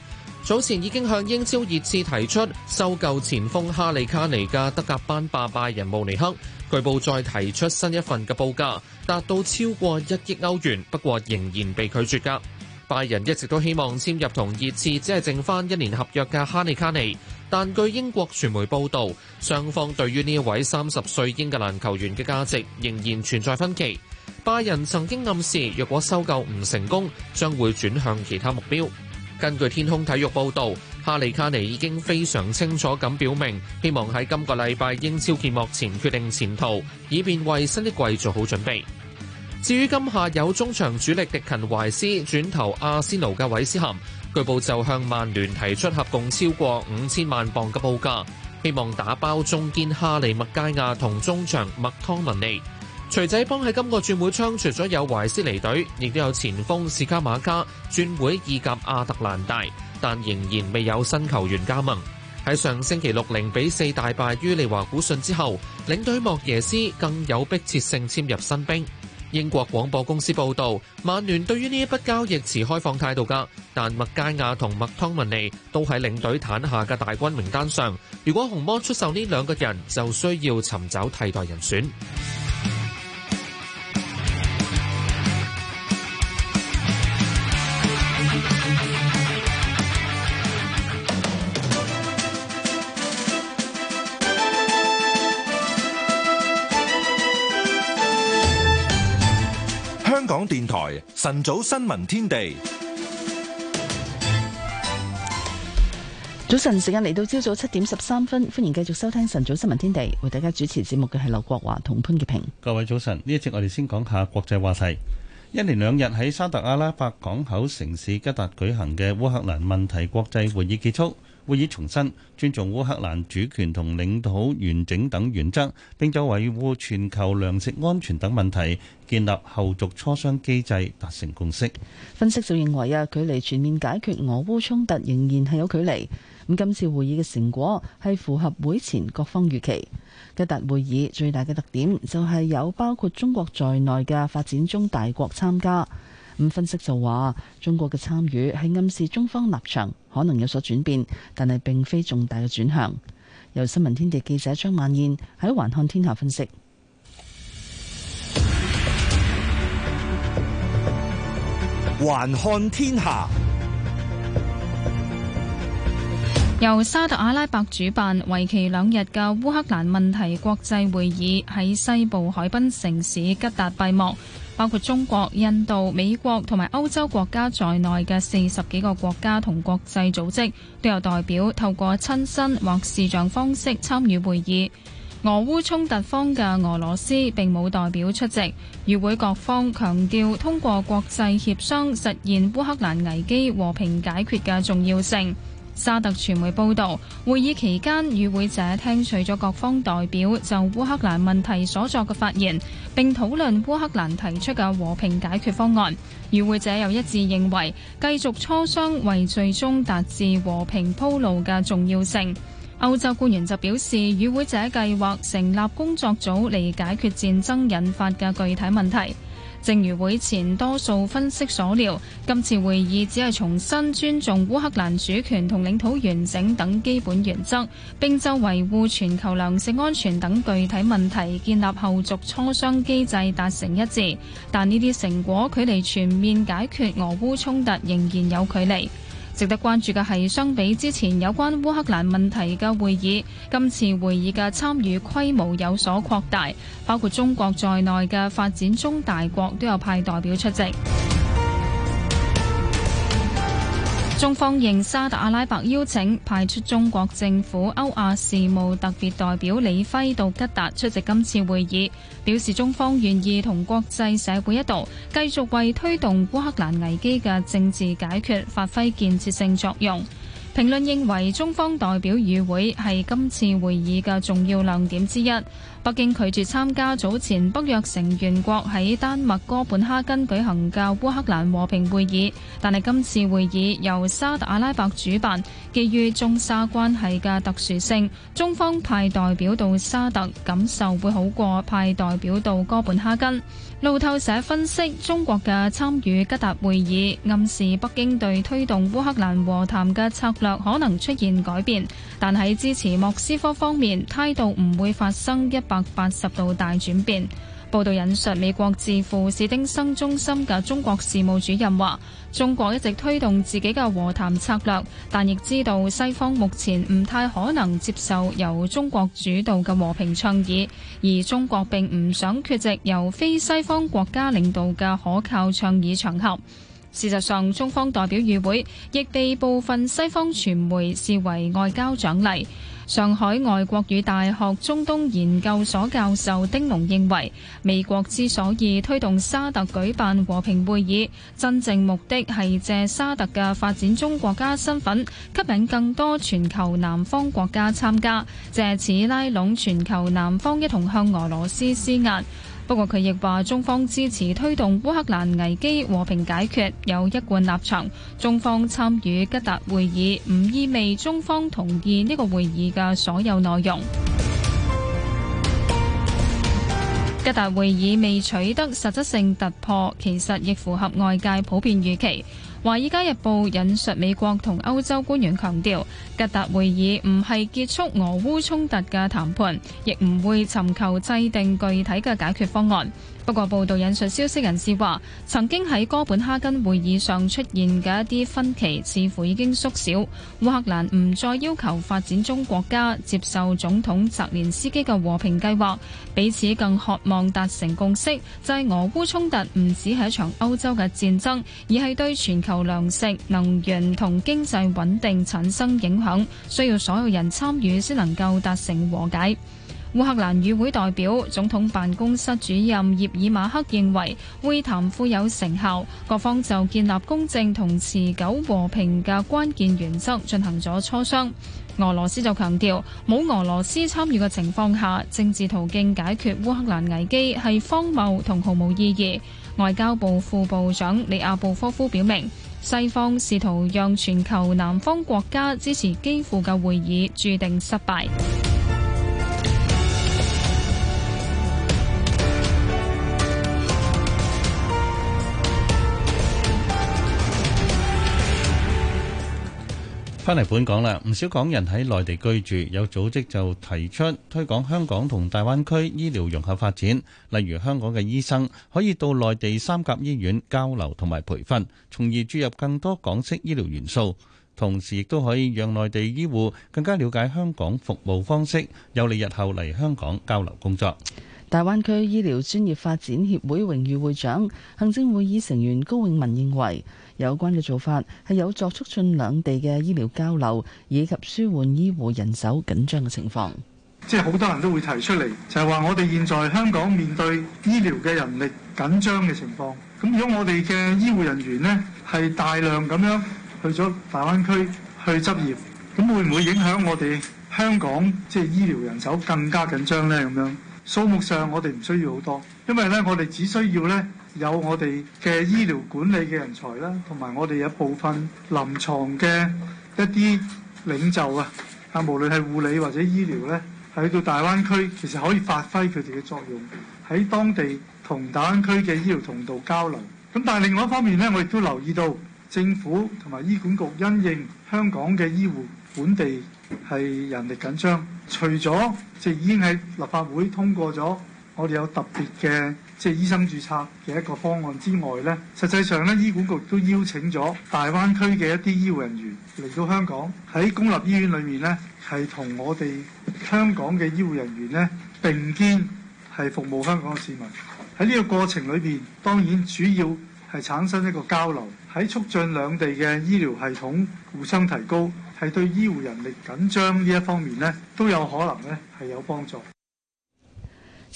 早前已經向英超熱刺提出收購前鋒哈利卡尼嘅德甲班霸拜仁慕尼克，據報再提出新一份嘅報價，達到超過一億歐元，不過仍然被拒絕。噶拜仁一直都希望簽入同熱刺只係剩翻一年合約嘅哈利卡尼。但據英國傳媒報導，雙方對於呢一位三十歲英格蘭球員嘅價值仍然存在分歧。拜仁曾經暗示，若果收購唔成功，將會轉向其他目標。根據天空體育報導，哈利卡尼已經非常清楚咁表明，希望喺今個禮拜英超揭幕前決定前途，以便為新一季做好準備。至於今夏有中場主力迪勤懷斯轉投阿仙奴嘅韋斯咸，據報就向曼聯提出合共超過五千萬磅嘅報價，希望打包中堅哈利麥佳亞同中場麥湯文尼。鎚仔幫喺今個轉會窗除咗有懷斯離隊，亦都有前鋒史卡馬加轉會意甲阿特蘭大，但仍然未有新球員加盟。喺上星期六零比四大敗於利華古遜之後，領隊莫耶斯更有迫切性簽入新兵。英國廣播公司報道，曼聯對於呢一筆交易持開放態度㗎，但麥佳亞同麥湯文尼都喺領隊坦下嘅大軍名單上，如果紅魔出售呢兩個人，就需要尋找替代人選。電台晨早新聞天地，早晨時間嚟到朝早七點十三分，歡迎繼續收聽晨早新聞天地，為大家主持節目嘅係劉國華同潘潔平。各位早晨，呢一節我哋先講下國際話題。一連兩日喺沙特阿拉伯港口城市吉達舉行嘅烏克蘭問題國際會議結束。會議重申尊重烏克蘭主權同領土完整等原則，並就維護全球糧食安全等問題建立後續磋商機制，達成共識。分析就認為啊，距離全面解決俄烏衝突仍然係有距離。咁今次會議嘅成果係符合會前各方預期。吉達會議最大嘅特點就係有包括中國在內嘅發展中大國參加。咁分析就話，中國嘅參與係暗示中方立場可能有所轉變，但係並非重大嘅轉向。由新聞天地記者張曼燕喺《環看天下》分析，《環看天下》。由沙特阿拉伯主辦為期兩日嘅烏克蘭問題國際會議喺西部海濱城市吉達閉幕。包括中國、印度、美國同埋歐洲國家在內嘅四十幾個國家同國際組織都有代表透過親身或視像方式參與會議。俄烏衝突方嘅俄羅斯並冇代表出席。與會各方強調通過國際協商實現烏克蘭危機和平解決嘅重要性。沙特傳媒報道，會議期間與會者聽取咗各方代表就烏克蘭問題所作嘅發言，並討論烏克蘭提出嘅和平解決方案。與會者又一致認為，繼續磋商為最終達至和平鋪路嘅重要性。歐洲官員就表示，與會者計劃成立工作組嚟解決戰爭引發嘅具體問題。正如會前多數分析所料，今次會議只係重新尊重烏克蘭主權同領土完整等基本原則，並就維護全球糧食安全等具體問題建立後續磋商機制達成一致。但呢啲成果距離全面解決俄烏衝突仍然有距離。值得關注嘅係，相比之前有關烏克蘭問題嘅會議，今次會議嘅參與規模有所擴大，包括中國在內嘅發展中大國都有派代表出席。中方應沙特阿拉伯邀請，派出中國政府歐亞事務特別代表李輝到吉達出席今次會議，表示中方願意同國際社會一道，繼續為推動烏克蘭危機嘅政治解決發揮建設性作用。評論認為，中方代表與會係今次會議嘅重要亮點之一。北京拒絕參加早前北約成員國喺丹麥哥本哈根舉行嘅烏克蘭和平會議，但係今次會議由沙特阿拉伯主辦，基於中沙關係嘅特殊性，中方派代表到沙特感受會好過派代表到哥本哈根。路透社分析，中國嘅參與吉達會議，暗示北京對推動烏克蘭和談嘅策略可能出現改變，但喺支持莫斯科方面，態度唔會發生一百八十度大轉變。報道引述美國智庫史丁生中心嘅中國事務主任話，中國一直推動自己嘅和談策略，但亦知道西方目前唔太可能接受由中國主導嘅和平倡議，而中國並唔想缺席由非西方國家領導嘅可靠倡議場合。事實上，中方代表與會亦被部分西方傳媒視為外交獎勵。上海外國語大學中東研究所教授丁龍認為，美國之所以推動沙特舉辦和平會議，真正目的係借沙特嘅發展中國家身份，吸引更多全球南方國家參加，借此拉攏全球南方一同向俄羅斯施壓。不過佢亦話，中方支持推動烏克蘭危機和平解決，有一貫立場。中方參與吉達會議，唔意味中方同意呢個會議嘅所有內容。吉達會議未取得實質性突破，其實亦符合外界普遍預期。《華爾街日報》引述美國同歐洲官員強調，吉達會議唔係結束俄烏衝突嘅談判，亦唔會尋求制定具體嘅解決方案。不過，報道引述消息人士話，曾經喺哥本哈根會議上出現嘅一啲分歧，似乎已經縮小。烏克蘭唔再要求發展中國家接受總統澤連斯基嘅和平計劃，彼此更渴望達成共識。就係俄烏衝突唔只係一場歐洲嘅戰爭，而係對全球糧食、能源同經濟穩定產生影響，需要所有人參與先能夠達成和解。烏克蘭與會代表、總統辦公室主任葉爾馬克認為會談富有成效，各方就建立公正同持久和平嘅關鍵原則進行咗磋商。俄羅斯就強調冇俄羅斯參與嘅情況下，政治途徑解決烏克蘭危機係荒謬同毫無意義。外交部副部長里亞布科夫表明，西方試圖讓全球南方國家支持基輔嘅會議，註定失敗。翻嚟本港啦，唔少港人喺內地居住，有組織就提出推廣香港同大灣區醫療融合發展。例如，香港嘅醫生可以到內地三甲醫院交流同埋培訓，從而注入更多港式醫療元素。同時亦都可以讓內地醫護更加了解香港服務方式，有利日後嚟香港交流工作。大灣區醫療專業發展協會榮譽會長行政會議成員高永文認為。有關嘅做法係有助促進兩地嘅醫療交流，以及舒緩醫護人手緊張嘅情況。即係好多人都會提出嚟，就係話我哋現在香港面對醫療嘅人力緊張嘅情況。咁如果我哋嘅醫護人員呢係大量咁樣去咗大灣區去執業，咁會唔會影響我哋香港即係醫療人手更加緊張呢？咁樣數目上我哋唔需要好多，因為呢我哋只需要呢。有我哋嘅醫療管理嘅人才啦，同埋我哋有部分臨床嘅一啲領袖啊，啊，無論係護理或者醫療呢，喺到大灣區其實可以發揮佢哋嘅作用，喺當地同大灣區嘅醫療同道交流。咁但係另外一方面呢，我亦都留意到政府同埋醫管局因應香港嘅醫護本地係人力緊張，除咗即已經喺立法會通過咗，我哋有特別嘅。即係醫生註冊嘅一個方案之外呢，實際上呢，醫管局都邀請咗大灣區嘅一啲醫護人員嚟到香港，喺公立醫院裏面呢，係同我哋香港嘅醫護人員呢並肩係服務香港嘅市民。喺呢個過程裏邊，當然主要係產生一個交流，喺促進兩地嘅醫療系統互相提高，係對醫護人力緊張呢一方面呢，都有可能呢係有幫助。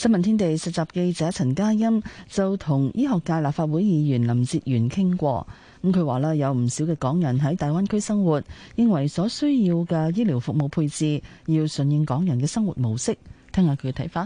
新聞天地實習記者陳嘉欣就同醫學界立法會議員林哲玄傾過，咁佢話呢有唔少嘅港人喺大灣區生活，認為所需要嘅醫療服務配置要順應港人嘅生活模式，聽下佢嘅睇法。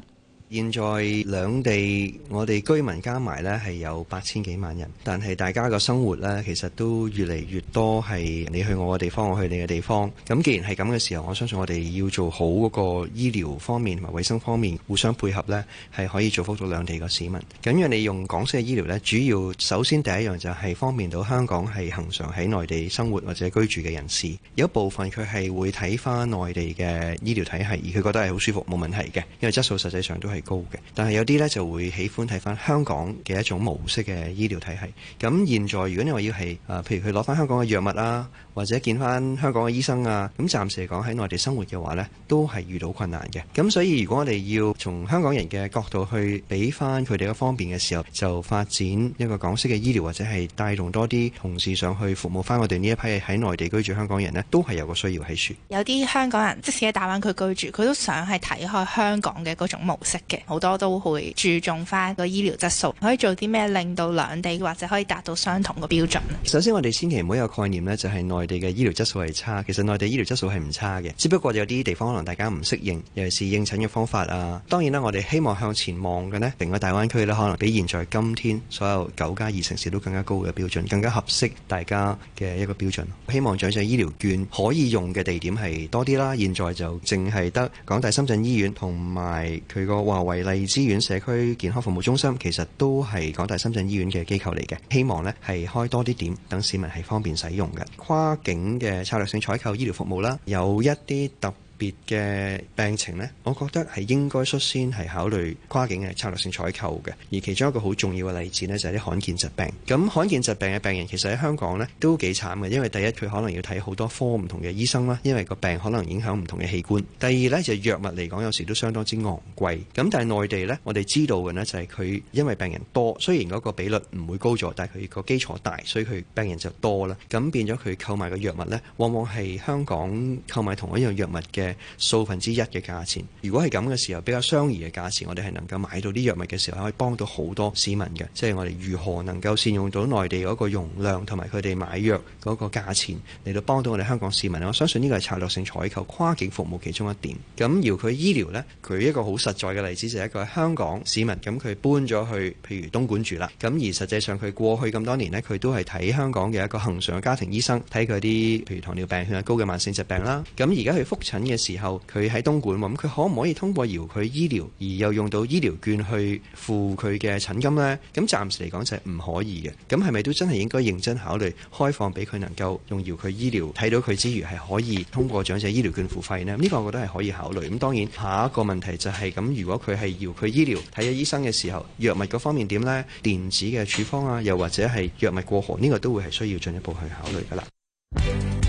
現在兩地我哋居民加埋呢係有八千幾萬人，但係大家個生活呢其實都越嚟越多係你去我嘅地方，我去你嘅地方。咁既然係咁嘅時候，我相信我哋要做好嗰個醫療方面同埋衞生方面互相配合呢，係可以造福到兩地嘅市民。咁樣你用港式嘅醫療呢，主要首先第一樣就係方便到香港係恒常喺內地生活或者居住嘅人士。有一部分佢係會睇翻內地嘅醫療體系，而佢覺得係好舒服冇問題嘅，因為質素實際上都係高嘅，但係有啲呢就會喜歡睇翻香港嘅一種模式嘅醫療體系。咁現在，如果你話要係啊，譬如去攞翻香港嘅藥物啦、啊。或者見翻香港嘅醫生啊，咁暫時嚟講喺內地生活嘅話呢，都係遇到困難嘅。咁所以如果我哋要從香港人嘅角度去俾翻佢哋嘅方便嘅時候，就發展一個港式嘅醫療，或者係帶動多啲同事上去服務翻我哋呢一批喺內地居住香港人呢，都係有個需要喺處。有啲香港人即使喺大灣區居住，佢都想係睇開香港嘅嗰種模式嘅，好多都會注重翻個醫療質素，可以做啲咩令到兩地或者可以達到相同嘅標準。首先我哋千祈唔好有概念呢，就係內佢哋嘅醫療質素係差，其實內地醫療質素係唔差嘅，只不過有啲地方可能大家唔適應，尤其是應診嘅方法啊。當然啦，我哋希望向前望嘅呢，成個大灣區呢，可能比現在今天所有九加二城市都更加高嘅標準，更加合適大家嘅一個標準。希望長者醫療券可以用嘅地點係多啲啦。現在就淨係得港大深圳醫院同埋佢個華為荔枝苑社區健康服務中心，其實都係港大深圳醫院嘅機構嚟嘅。希望呢係開多啲點，等市民係方便使用㗎。跨境嘅策略性採購醫療服務啦，有一啲特別嘅病情呢，我覺得係應該率先係考慮跨境嘅策略性採購嘅。而其中一個好重要嘅例子呢，就係啲罕見疾病。咁罕見疾病嘅病人其實喺香港呢都幾慘嘅，因為第一佢可能要睇好多科唔同嘅醫生啦，因為個病可能影響唔同嘅器官。第二呢，就係藥物嚟講，有時都相當之昂貴。咁但係內地呢，我哋知道嘅呢，就係佢因為病人多，雖然嗰個比率唔會高咗，但係佢個基礎大，所以佢病人就多啦。咁變咗佢購買嘅藥物呢，往往係香港購買同一樣藥物嘅。數分之一嘅價錢，如果係咁嘅時候，比較相宜嘅價錢，我哋係能夠買到啲藥物嘅時候，可以幫到好多市民嘅。即係我哋如何能夠善用到內地嗰個容量同埋佢哋買藥嗰個價錢，嚟到幫到我哋香港市民。我相信呢個係策略性採購跨境服務其中一點。咁，而佢醫療呢，佢一個好實在嘅例子就係一個香港市民，咁佢搬咗去譬如東莞住啦。咁而實際上佢過去咁多年呢，佢都係睇香港嘅一個恒常嘅家庭醫生，睇佢啲譬如糖尿病、血壓高嘅慢性疾病啦。咁而家佢覆診嘅。嘅時候，佢喺東莞喎，咁佢可唔可以通過搖佢醫療而又用到醫療券去付佢嘅診金呢？咁暫時嚟講就係唔可以嘅。咁係咪都真係應該認真考慮開放俾佢能夠用搖佢醫療睇到佢之餘，係可以通過長者醫療券付費呢？呢個我覺得係可以考慮。咁當然下一個問題就係咁，如果佢係搖佢醫療睇下醫生嘅時候，藥物嗰方面點呢？電子嘅處方啊，又或者係藥物過河呢個都會係需要進一步去考慮噶啦。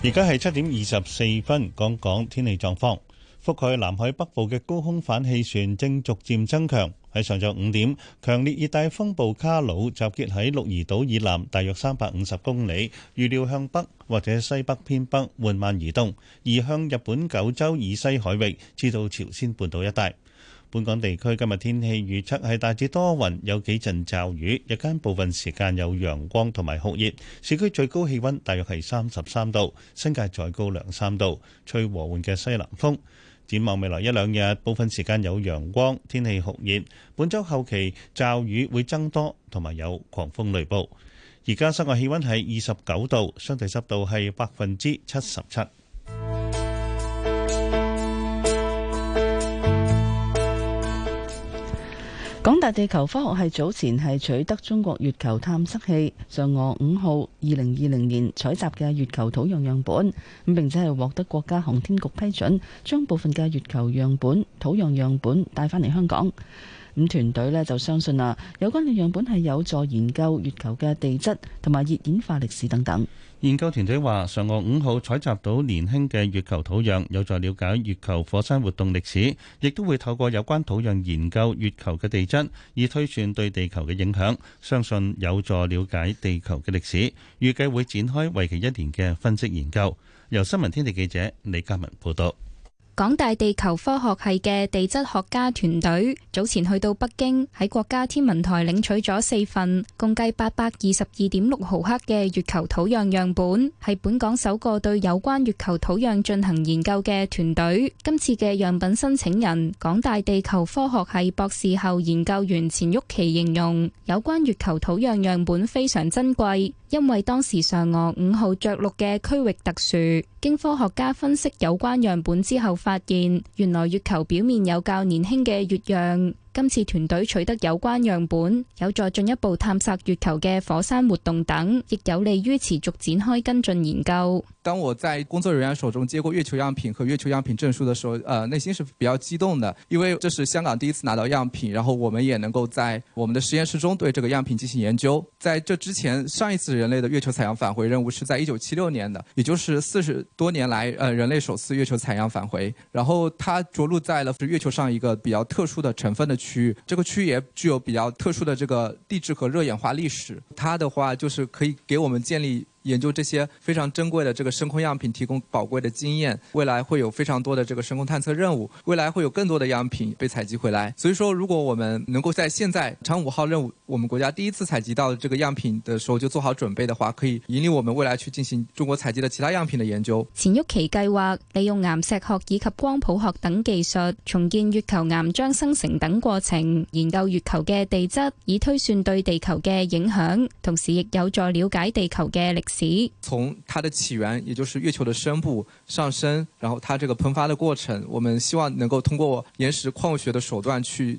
而家係七點二十四分，講講天氣狀況。覆蓋南海北部嘅高空反氣旋正逐漸增強。喺上晝五點，強烈熱帶風暴卡努集結喺鹿兒島以南大約三百五十公里，預料向北或者西北偏北緩慢移動，移向日本九州以西海域，至到朝鮮半島一帶。本港地區今日天氣預測係大致多雲，有幾陣驟雨，日間部分時間有陽光同埋酷熱。市區最高氣溫大約係三十三度，新界再高兩三度，吹和緩嘅西南風。展望未來一兩日，部分時間有陽光，天氣酷熱。本周後期驟雨會增多，同埋有狂風雷暴。而家室外氣溫係二十九度，相對濕度係百分之七十七。地球科學系早前係取得中國月球探測器嫦娥五號二零二零年採集嘅月球土壤樣本，咁並且係獲得國家航天局批准，將部分嘅月球樣本、土壤樣本帶返嚟香港。咁團隊咧就相信啊，有關嘅樣本係有助研究月球嘅地質同埋熱演化歷史等等。研究團隊話，嫦娥五號採集到年輕嘅月球土壤，有助了解月球火山活動歷史，亦都會透過有關土壤研究月球嘅地質，以推算對地球嘅影響，相信有助了解地球嘅歷史。預計會展開為期一年嘅分析研究。由新聞天地記者李嘉文報道。港大地球科學系嘅地質學家團隊早前去到北京喺國家天文台領取咗四份，共計八百二十二點六毫克嘅月球土壤樣本，係本港首個對有關月球土壤進行研究嘅團隊。今次嘅樣品申請人港大地球科學系博士後研究員錢玉琪形容，有關月球土壤樣本非常珍貴。因為當時嫦娥五號着陸嘅區域特殊，經科學家分析有關樣本之後，發現原來月球表面有較年輕嘅月壤。今次團隊取得有關樣本，有助進一步探索月球嘅火山活動等，亦有利於持續展開跟進研究。當我在工作人員手中接過月球樣品和月球樣品證書的時候，呃，內心是比較激動的，因為這是香港第一次拿到樣品，然後我們也能夠在我們的實驗室中對這個樣品進行研究。在這之前，上一次人類的月球採樣返回任務是在一九七六年的，也就是四十多年來，呃，人類首次月球採樣返回，然後它着陸在了是月球上一個比較特殊的成分的。區域，這個區域也具有比較特殊的這個地質和熱演化歷史，它的話就是可以給我們建立。研究這些非常珍貴的這個深空樣品，提供寶貴的經驗。未來會有非常多的這個深空探測任務，未來會有更多的樣品被採集回來。所以說，如果我們能夠在現在嫦五號任務，我們國家第一次採集到這個樣品的時候就做好準備的話，可以引領我們未來去進行中國採集的其他樣品的研究。錢玉琪計劃利用岩石學以及光譜學等技術，重建月球岩漿生成等過程，研究月球嘅地質，以推算對地球嘅影響，同時亦有助了解地球嘅歷史。從它的起源，也就是月球的深部上升，然後它這個噴發的過程，我們希望能夠通過岩石礦物學的手段去。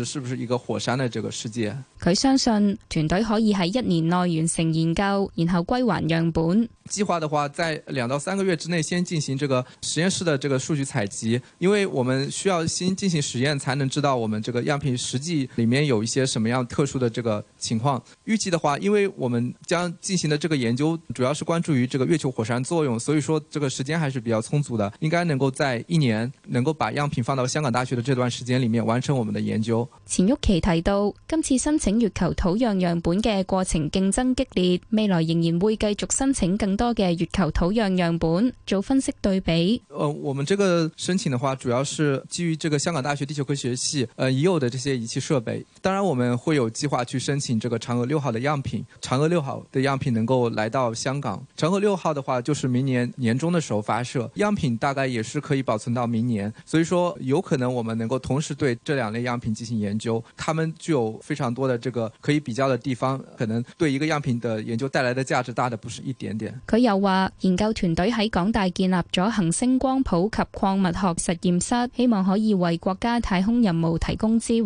是不是一個火山的這個世界？佢相信團隊可以喺一年內完成研究，然後歸還樣本。計劃的話，在兩到三個月之內先進行這個實驗室的這個數據採集，因為我們需要先進行實驗，才能知道我們這個樣品實際裏面有一些什麼樣特殊的這個情況。預計的話，因為我們將進行的這個研究主要是關注於這個月球火山作用，所以說這個時間還是比較充足的，應該能夠在一年能夠把樣品放到香港大學的這段時間裏面完成我們的研究。錢玉琪提到，今次申請。月球土壤樣,樣本嘅過程競爭激烈，未來仍然會繼續申請更多嘅月球土壤樣,樣本做分析對比。呃，我們這個申請的話，主要是基於這個香港大學地球科學係，呃，已有的這些儀器設備。當然，我們會有計劃去申請這個嫦娥六號的樣品。嫦娥六號的樣品能夠來到香港，嫦娥六號的話就是明年年中的時候發射，樣品大概也是可以保存到明年。所以說，有可能我們能夠同時對這兩類樣品進行研究，它們具有非常多的。佢又話：研究團隊喺港大建立咗恒星光譜及礦物學實驗室，希望可以為國家太空任務提供支援。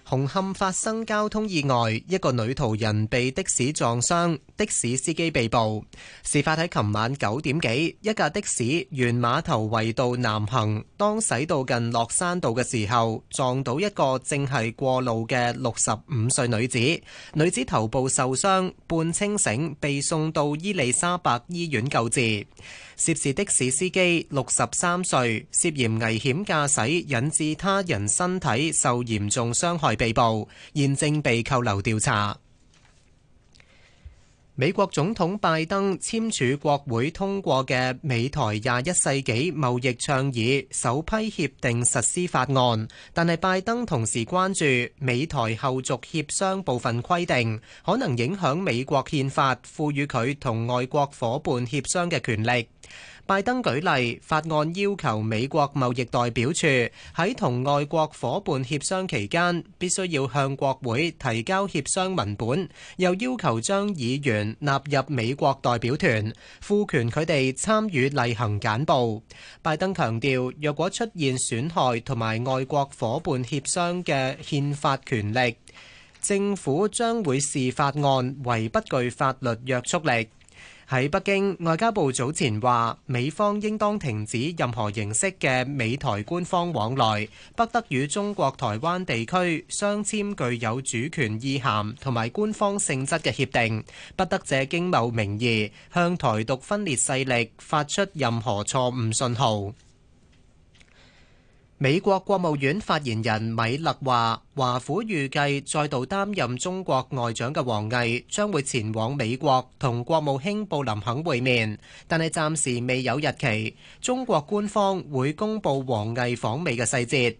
紅磡發生交通意外，一個女途人被的士撞傷，的士司機被捕。事發喺琴晚九點幾，一架的士沿馬頭圍道南行，當駛到近落山道嘅時候，撞到一個正係過路嘅六十五歲女子，女子頭部受傷，半清醒，被送到伊利沙伯醫院救治。涉事的士司機六十三歲，涉嫌危險駕駛，引致他人身體受嚴重傷害。被捕，現正被扣留調查。美國總統拜登簽署國會通過嘅美台廿一世紀貿易倡議首批協定實施法案，但係拜登同時關注美台後續協商部分規定，可能影響美國憲法賦予佢同外國夥伴協商嘅權力。拜登舉例，法案要求美國貿易代表處喺同外國夥伴協商期間，必須要向國會提交協商文本，又要求將議員納入美國代表團，賦權佢哋參與例行簡報。拜登強調，若果出現損害同埋外國夥伴協商嘅憲法權力，政府將會視法案為不具法律約束力。喺北京，外交部早前話，美方應當停止任何形式嘅美台官方往來，不得與中國台灣地區相簽具有主權意涵同埋官方性質嘅協定，不得借經貿名義向台獨分裂勢力發出任何錯誤信號。美國國務院發言人米勒話：華府預計再度擔任中國外長嘅王毅將會前往美國同國務卿布林肯會面，但係暫時未有日期。中國官方會公布王毅訪美嘅細節。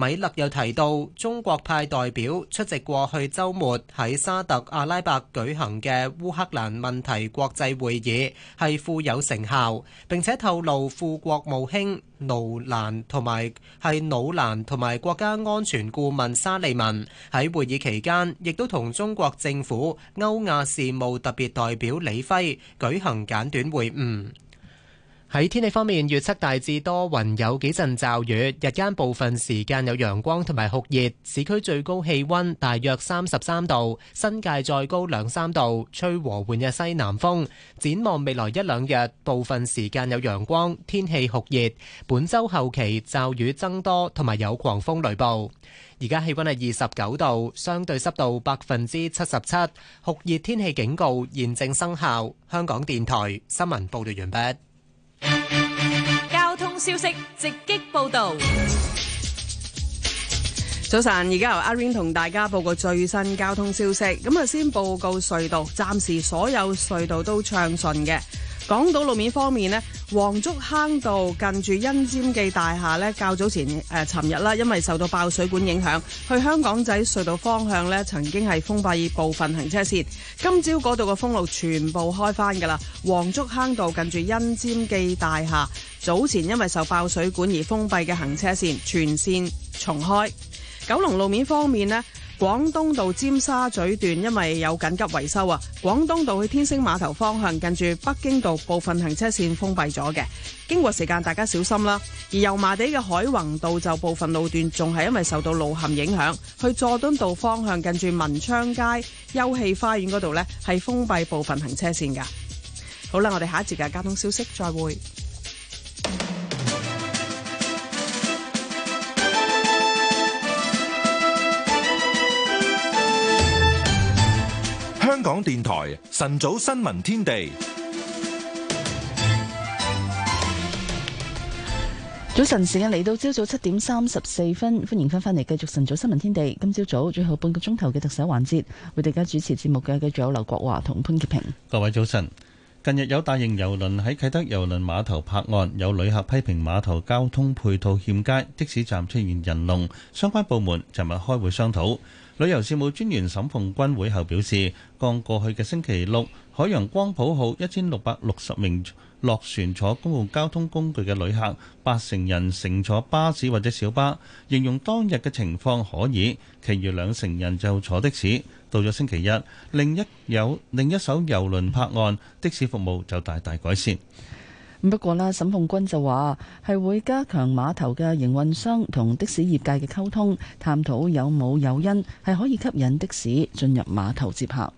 米勒又提到，中國派代表出席過去周末喺沙特阿拉伯舉行嘅烏克蘭問題國際會議，係富有成效。並且透露，副國務卿盧蘭同埋係魯蘭同埋國家安全顧問沙利文喺會議期間亦都同中國政府歐亞事務特別代表李輝舉行簡短會晤。喺天氣方面，預測大致多雲，有幾陣驟雨，日間部分時間有陽光，同埋酷熱。市區最高氣溫大約三十三度，新界再高兩三度，吹和緩嘅西南風。展望未來一兩日，部分時間有陽光，天氣酷熱。本周後期驟雨增多，同埋有狂風雷暴。而家氣溫係二十九度，相對濕度百分之七十七，酷熱天氣警告現正生效。香港電台新聞報道完畢。交通消息直擊報道。早晨，而家由阿 Rain 同大家報個最新交通消息。咁啊，先報告隧道，暫時所有隧道都暢順嘅。港島路面方面咧，黃竹坑道近住恩尖記大廈咧，較早前誒，尋日啦，因為受到爆水管影響，去香港仔隧道方向咧，曾經係封閉部分行車線。今朝嗰度嘅封路全部開翻噶啦。黃竹坑道近住恩尖記大廈，早前因為受爆水管而封閉嘅行車線，全線重開。九龍路面方面咧。廣東道尖沙咀段因為有緊急維修啊！廣東道去天星碼頭方向近住北京道部分行車線封閉咗嘅，經過時間大家小心啦。而油麻地嘅海泓道就部分路段仲係因為受到路陷影響，去佐敦道方向近住文昌街休憩花園嗰度呢係封閉部分行車線噶。好啦，我哋下一節嘅交通消息再會。港電台晨早新聞天地，早晨時間嚟到，朝早七點三十四分，歡迎翻翻嚟，繼續晨早新聞天地。今朝早最後半個鐘頭嘅特首環節，為大家主持節目嘅，繼續有劉國華同潘潔平。各位早晨，近日有大型郵輪喺啟德郵輪碼頭泊岸，有旅客批評碼頭交通配套欠佳，的士站出現人龍，相關部門尋日開會商討。旅遊事務專員沈鳳君會後表示，剛過去嘅星期六，海洋光譜號一千六百六十名落船坐公共交通工具嘅旅客，八成人乘坐巴士或者小巴，形容當日嘅情況可以，其餘兩成人就坐的士。到咗星期日，另一有另一艘郵輪泊岸，的士服務就大大改善。不過啦，沈鳳君就話係會加強碼頭嘅營運商同的士業界嘅溝通，探討有冇誘因係可以吸引的士進入碼頭接客。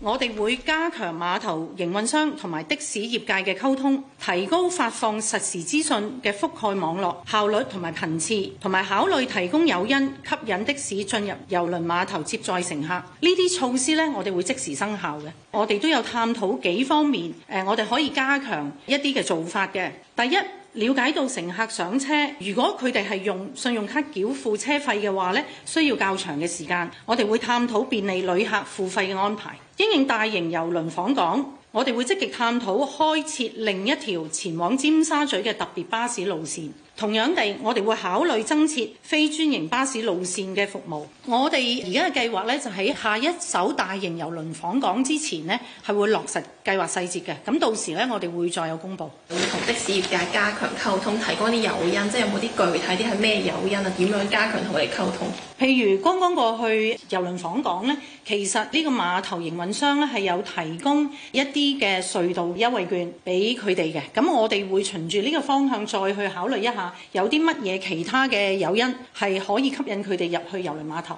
我哋會加強碼頭營運商同埋的士業界嘅溝通，提高發放實時資訊嘅覆蓋網絡效率同埋頻次，同埋考慮提供誘因吸引的士進入郵輪碼頭接載乘客。呢啲措施呢，我哋會即時生效嘅。我哋都有探討幾方面，我哋可以加強一啲嘅做法嘅。第一。了解到乘客上車，如果佢哋係用信用卡繳付車費嘅話呢，需要較長嘅時間。我哋會探討便利旅客付費嘅安排。應應大型郵輪訪港，我哋會積極探討開設另一條前往尖沙咀嘅特別巴士路線。同樣地，我哋會考慮增設非專營巴士路線嘅服務。我哋而家嘅計劃咧，就喺下一艘大型郵輪訪港之前呢，係會落實計劃細節嘅。咁到時咧，我哋會再有公佈。會同的士業界加強溝通，提供啲誘因，即係有冇啲具體啲係咩誘因啊？點樣加強同佢哋溝通？譬如剛剛過去郵輪訪港咧，其實呢個碼頭營運商咧係有提供一啲嘅隧道優惠券俾佢哋嘅。咁我哋會循住呢個方向再去考慮一下。有啲乜嘢其他嘅誘因係可以吸引佢哋入去郵輪碼頭？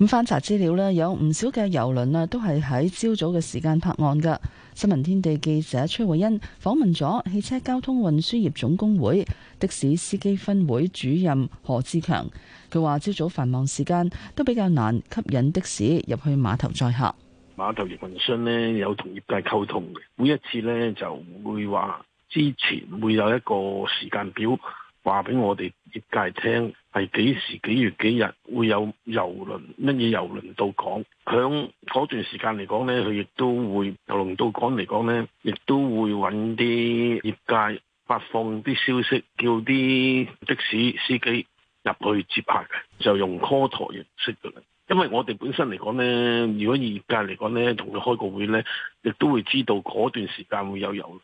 咁翻查資料呢，有唔少嘅郵輪啊，都係喺朝早嘅時間泊岸嘅。新聞天地記者崔慧欣訪問咗汽車交通運輸業總工會的士司機分會主任何志強，佢話朝早繁忙時間都比較難吸引的士入去碼頭載客。碼頭營運商呢，有同業界溝通嘅，每一次呢，就會話。之前會有一個時間表話俾我哋業界聽，係幾時幾月幾日會有郵輪乜嘢郵輪到港？響嗰段時間嚟講呢，佢亦都會由龍到港嚟講呢，亦都會揾啲業界發放啲消息，叫啲的士司機入去接客嘅，就用 call 台形式㗎喇。因為我哋本身嚟講呢，如果業界嚟講呢，同佢開個會呢，亦都會知道嗰段時間會有郵輪。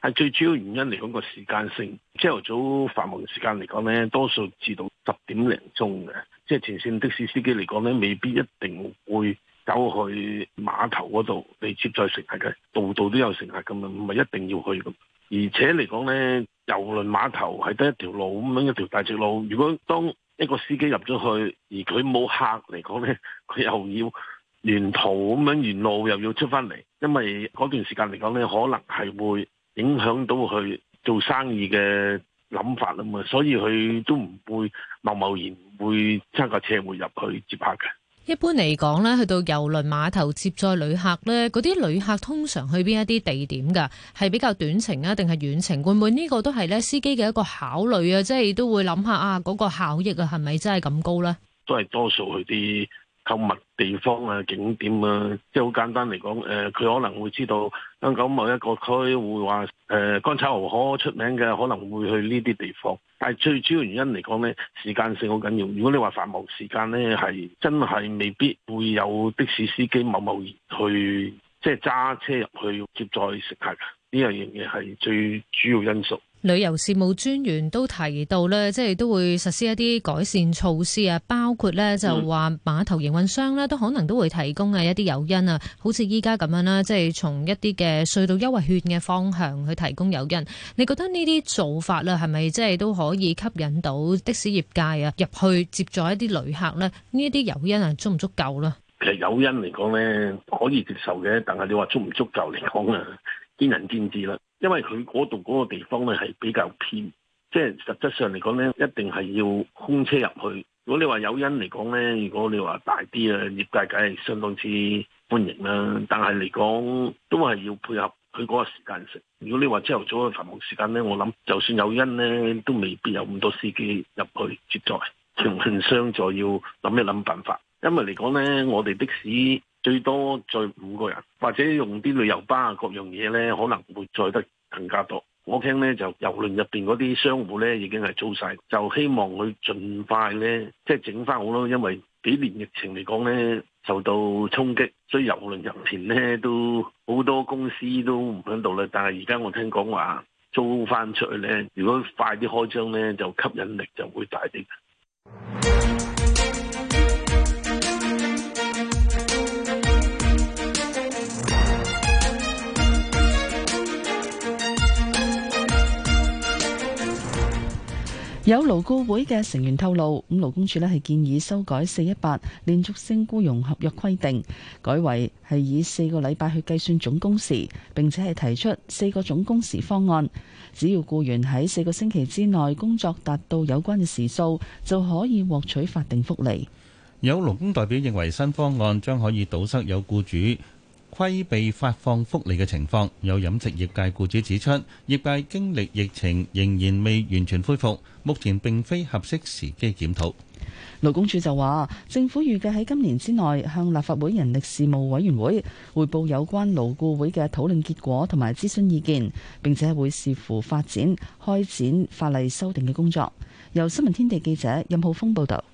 係最主要原因嚟講，個時間性，朝頭早繁忙嘅時間嚟講咧，多數至到十點零鐘嘅，即係前線的士司機嚟講咧，未必一定會走去碼頭嗰度嚟接載乘客嘅，度度都有乘客咁樣，唔係一定要去嘅。而且嚟講咧，郵輪碼頭係得一條路咁樣一條大直路，如果當一個司機入咗去，而佢冇客嚟講咧，佢又要沿途咁樣沿路又要出翻嚟，因為嗰段時間嚟講咧，可能係會。影響到佢做生意嘅諗法啦嘛，所以佢都唔會貿貿然會揸架車會入去接客嘅。一般嚟講咧，去到遊輪碼頭接載旅客咧，嗰啲旅客通常去邊一啲地點㗎？係比較短程啊，定係遠程？會唔會呢個都係咧司機嘅一個考慮啊？即係都會諗下啊，嗰個效益啊，係咪真係咁高咧？都係多數去啲。購物地方啊、景點啊，即係好簡單嚟講，誒、呃，佢可能會知道香港某一個區會話誒乾炒牛河出名嘅，可能會去呢啲地方。但係最主要原因嚟講咧，時間性好緊要。如果你話繁忙時間咧，係真係未必會有的士司機某某去即係揸車入去接載食客，呢樣嘢係最主要因素。旅遊事務專員都提到呢，即係都會實施一啲改善措施啊，包括呢就話碼頭營運商咧都可能都會提供啊一啲誘因啊，好似依家咁樣啦，即係從一啲嘅隧道優惠券嘅方向去提供誘因。你覺得呢啲做法咧，係咪即係都可以吸引到的士業界啊入去接載一啲旅客呢？呢啲誘因啊，足唔足夠呢？其實誘因嚟講呢可以接受嘅，但係你話足唔足夠嚟講啊，見仁見智啦。因為佢嗰度嗰個地方咧係比較偏，即係實質上嚟講咧，一定係要空車入去。如果你話有因嚟講咧，如果你話大啲啊，業界梗係相當之歡迎啦。但係嚟講都係要配合佢嗰個時間性。如果你話朝頭早嘅繁忙時間咧，我諗就算有因咧，都未必有咁多司機入去接載。營運商就要諗一諗辦法，因為嚟講咧，我哋的士。最多載五個人，或者用啲旅遊巴各樣嘢呢可能會載得更加多。我聽呢就郵輪入邊嗰啲商戶呢已經係租晒，就希望佢盡快呢，即係整翻好咯。因為幾年疫情嚟講呢，受到衝擊，所以郵輪入邊呢都好多公司都唔響度啦。但係而家我聽講話租翻出去呢，如果快啲開張呢，就吸引力就會大啲。有勞雇會嘅成員透露，咁勞工處咧係建議修改四一八連續性雇傭合約規定，改為係以四個禮拜去計算總工時，並且係提出四個總工時方案。只要雇員喺四個星期之內工作達到有關嘅時數，就可以獲取法定福利。有勞工代表認為新方案將可以堵塞有僱主，規避發放福利嘅情況，有飲食業界僱主指出，業界經歷疫情仍然未完全恢復，目前並非合適時機檢討。勞工處就話，政府預計喺今年之內向立法會人力事務委員會匯報有關勞顧會嘅討論結果同埋諮詢意見，並且會視乎發展開展法例修訂嘅工作。由新聞天地記者任浩峰報導。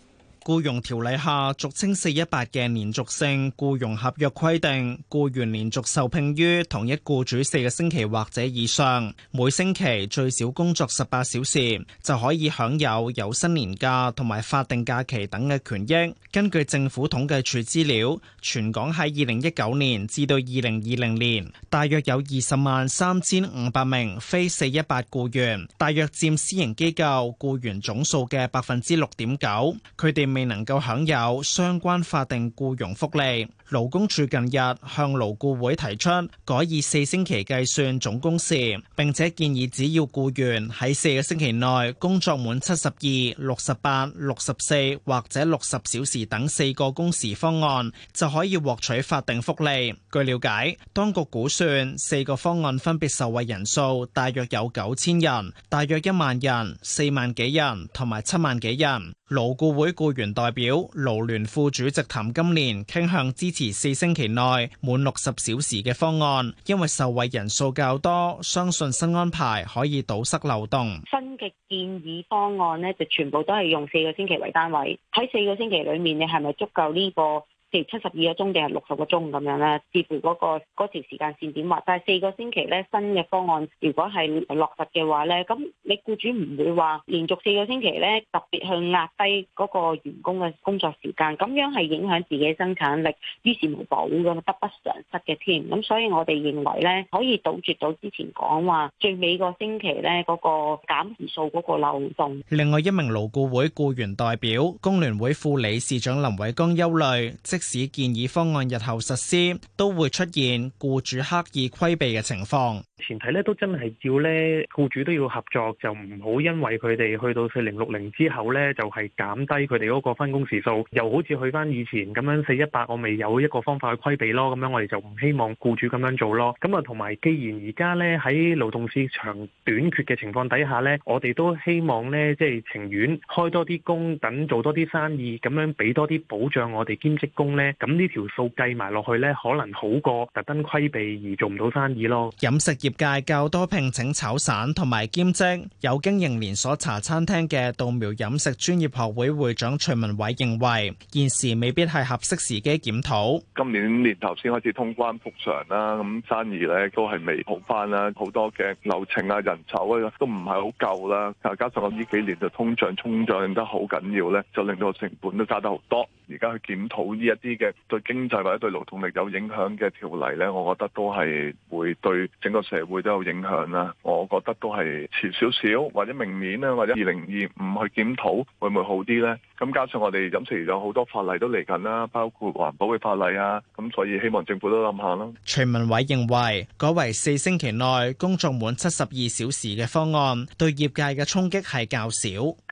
僱傭條例下，俗稱四一八嘅連續性僱傭合約規定，僱員連續受聘於同一僱主四個星期或者以上，每星期最少工作十八小時，就可以享有有薪年假同埋法定假期等嘅權益。根據政府統計處資料，全港喺二零一九年至到二零二零年，大約有二十萬三千五百名非四一八僱員，大約佔私營機構僱員總數嘅百分之六點九，佢哋未能夠享有相關法定雇傭福利。勞工處近日向勞顧會提出改以四星期計算總工時，並且建議只要雇員喺四個星期內工作滿七十二、六十八、六十四或者六十小時等四個工時方案，就可以獲取法定福利。據了解，當局估算四個方案分別受惠人數大約有九千人、大約一萬人、四萬幾人同埋七萬幾人。勞顧會雇員代表勞聯副主席譚金蓮傾向支持。而四星期內滿六十小時嘅方案，因為受惠人數較多，相信新安排可以堵塞漏洞。新嘅建議方案呢，就全部都係用四個星期為單位。喺四個星期裏面，你係咪足夠呢個？期七十二個鐘定係六十個鐘咁樣啦，視乎嗰個嗰條時間線點劃。但係四個星期咧，新嘅方案如果係落實嘅話咧，咁你僱主唔會話連續四個星期咧特別去壓低嗰個員工嘅工作時間，咁樣係影響自己生產力，於事無補咁啊，得不償失嘅添。咁所以我哋認為咧，可以杜絕到之前講話最尾個星期咧嗰個減時數嗰個漏洞。另外一名勞僱會僱員代表工聯會副理事長林偉江憂慮，即。市建議方案日後實施都會出現雇主刻意規避嘅情況。前提咧都真係要咧，雇主都要合作，就唔好因為佢哋去到四零六零之後咧，就係減低佢哋嗰個分工時數，又好似去翻以前咁樣四一八，我未有一個方法去規避咯。咁樣我哋就唔希望雇主咁樣做咯。咁啊，同埋既然而家咧喺勞動市場短缺嘅情況底下咧，我哋都希望咧，即係情願開多啲工，等做多啲生意，咁樣俾多啲保障我哋兼職工咧。咁呢條數計埋落去咧，可能好過特登規避而做唔到生意咯。飲食業。界較多聘請炒散同埋兼職，有經營連鎖茶餐廳嘅稻苗飲食專業學會會長徐文偉認為現時未必係合適時機檢討，今年年頭先開始通關復常啦，咁生意咧都係未好翻啦，好多嘅流程啊、人手啊都唔係好夠啦。加上我呢幾年就通脹、通脹得好緊要咧，就令到成本都加得好多。而家去檢討呢一啲嘅對經濟或者對勞動力有影響嘅條例咧，我覺得都係會對整個。社會都有影響啦，我覺得都係遲少少，或者明年啦，或者二零二五去檢討，會唔會好啲呢？咁加上我哋飲食有好多法例都嚟緊啦，包括環保嘅法例啊，咁所以希望政府都諗下咯。徐文偉認為改為四星期內工作滿七十二小時嘅方案，對業界嘅衝擊係較少。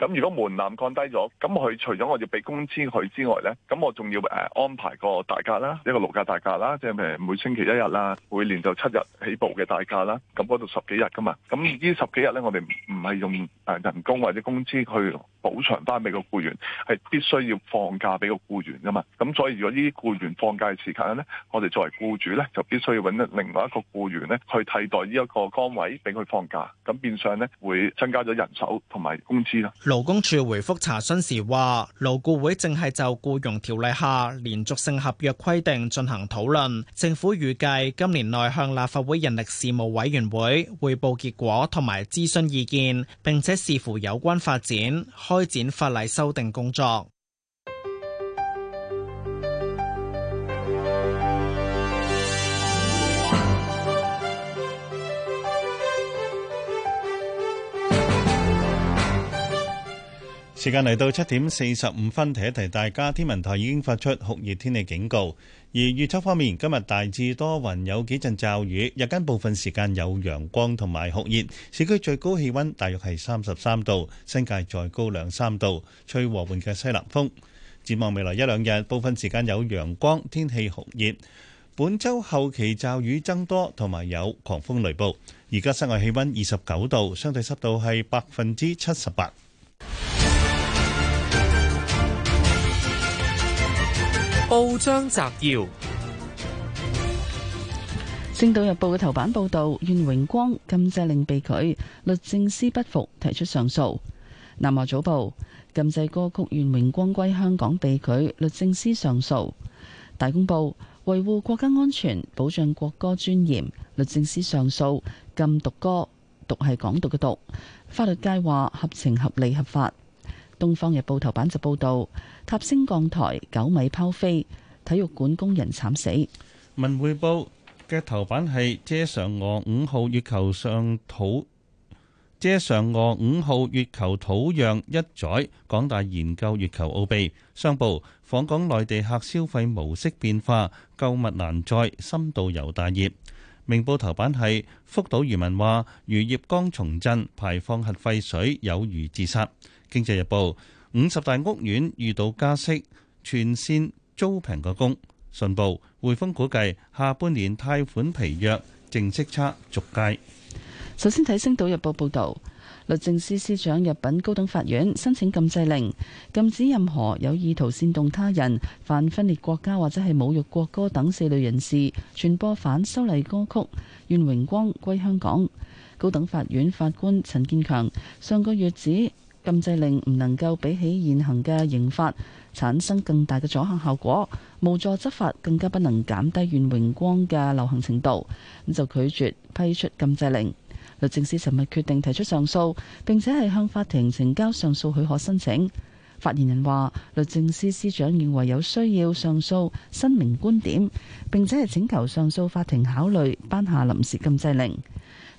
咁如果門檻降低咗，咁佢除咗我要俾工資佢之外呢，咁我仲要誒安排個大假啦，一個六假大假啦，即係誒每星期一日啦，每年就七日起步嘅大。係啦，咁嗰度十幾日噶嘛，咁呢十幾日咧，我哋唔係用誒人工或者工資去補償翻俾個雇員，係必須要放假俾個雇員噶嘛。咁所以如果呢啲雇員放假嘅時間咧，我哋作為雇主咧，就必須要揾另外一個雇員咧去替代呢一個崗位，俾佢放假，咁變相咧會增加咗人手同埋工資啦。勞工處回覆查詢時話，勞顧會正係就雇傭條例下連續性合約規定進行討論，政府預計今年內向立法會人力事務委員會匯報結果同埋諮詢意見，並且視乎有關發展，開展法例修訂工作。時間嚟到七點四十五分，提一提大家，天文台已經發出酷熱天氣警告。而預測方面，今日大致多雲有幾陣驟雨，日間部分時間有陽光同埋酷熱，市區最高氣溫大約係三十三度，新界再高兩三度，吹和緩嘅西南風。展望未來一兩日，部分時間有陽光，天氣酷熱，本周後期驟雨增多，同埋有狂風雷暴。而家室外氣溫二十九度，相對濕度係百分之七十八。報章摘要：《星島日報》嘅頭版報道，願榮光禁制令被拒，律政司不服提出上訴。《南華早報》：禁制歌曲願榮光歸香港被拒，律政司上訴。《大公報》：維護國家安全，保障國歌尊嚴，律政司上訴禁讀歌，讀係港獨嘅讀。法律界話合情、合理、合法。《東方日報》頭版就報道塔升降台九米拋飛，體育館工人慘死。《文匯報》嘅頭版係遮嫦娥五號月球上土遮嫦娥五號月球土壤一載，港大研究月球奧秘。商報訪港內地客消費模式變化，購物難再深度遊大熱。《明報》頭版係福島漁民話漁業剛重振，排放核廢水有如自殺。經濟日報：五十大屋苑遇到加息，全綫租平個供。信報：匯豐估計下半年貸款疲弱，淨息差續計。首先睇《星島日報》報道，律政司司長入稟高等法院，申請禁制令，禁止任何有意圖煽動他人、犯分裂國家或者係侮辱國歌等四類人士傳播反修例歌曲。願榮光歸香港，高等法院法官陳建強上個月指。禁制令唔能夠比起現行嘅刑法產生更大嘅阻嚇效果，無助執法，更加不能減低願榮光嘅流行程度，咁就拒絕批出禁制令。律政司尋日決定提出上訴，並且係向法庭呈交上訴許可申請。發言人話，律政司司長認為有需要上訴申明觀點，並且係請求上訴法庭考慮頒下臨時禁制令。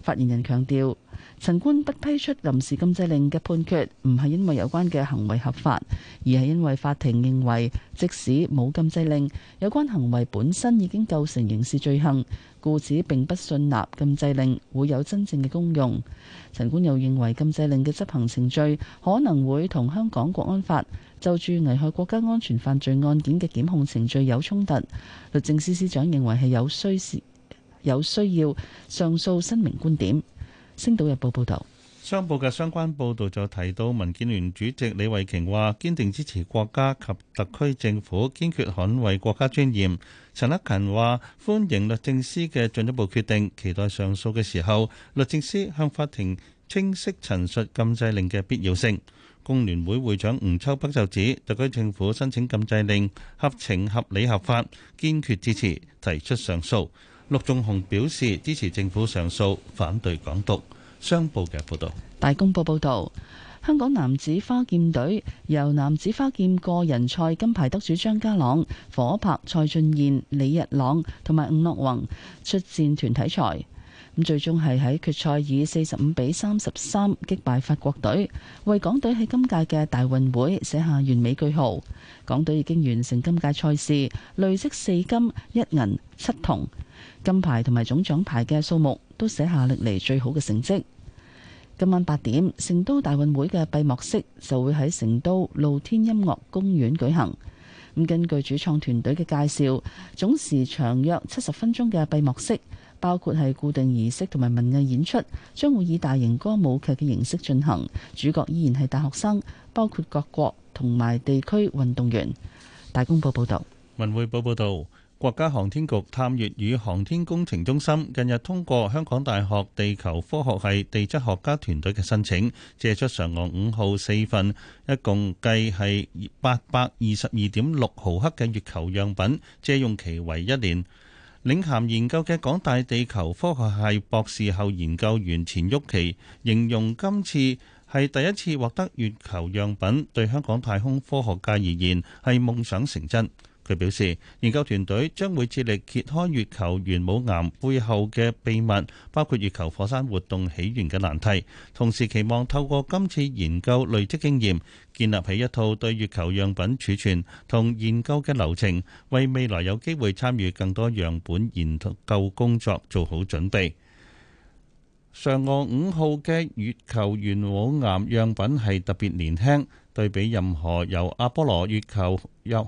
發言人強調，陳官不批出臨時禁制令嘅判決，唔係因為有關嘅行為合法，而係因為法庭認為，即使冇禁制令，有關行為本身已經構成刑事罪行，故此並不信納禁制令會有真正嘅功用。陳官又認為，禁制令嘅執行程序可能會同香港國安法就住危害國家安全犯罪案件嘅檢控程序有衝突。律政司司長認為係有需時，有需要上訴，申明觀點，《星島日報》報導，商報嘅相關報導就提到，民建聯主席李慧瓊話：堅定支持國家及特區政府，堅決捍衞國家尊嚴。陳克勤話：歡迎律政司嘅進一步決定，期待上訴嘅時候，律政司向法庭清晰陳述禁制令嘅必要性。工聯會會長吳秋北就指，特區政府申請禁制令合情合理合法，堅決支持提出上訴。陸仲雄表示支持政府上訴，反對港獨。商報嘅報道，大公報報道，香港男子花劍隊由男子花劍個人賽金牌得主張家朗、火拍、蔡俊彥、李日朗同埋伍樂宏出戰團體賽，咁最終係喺決賽以四十五比三十三擊敗法國隊，為港隊喺今屆嘅大運會寫下完美句號。港隊已經完成今屆賽事，累積四金一銀七銅。金牌同埋總獎牌嘅數目都寫下歷嚟最好嘅成績。今晚八點，成都大運會嘅閉幕式就會喺成都露天音樂公園舉行。咁根據主創團隊嘅介紹，總時長約七十分鐘嘅閉幕式，包括係固定儀式同埋文藝演出，將會以大型歌舞劇嘅形式進行。主角依然係大學生，包括各國同埋地區運動員。大公報報道，文匯報報道。國家航天局探月與航天工程中心近日通過香港大學地球科學系地質學家團隊嘅申請，借出嫦娥五號四份，一共計係八百二十二點六毫克嘅月球樣品，借用期為一年。領銜研究嘅港大地球科學系博士後研究員錢旭琪形容今次係第一次獲得月球樣品，對香港太空科學界而言係夢想成真。佢表示，研究團隊將會致力揭開月球玄武岩背後嘅秘密，包括月球火山活動起源嘅難題。同時期望透過今次研究累積經驗，建立起一套對月球樣品儲存同研究嘅流程，為未來有機會參與更多樣本研究工作做好準備。嫦娥五號嘅月球玄武岩樣品係特別年輕，對比任何由阿波羅月球休。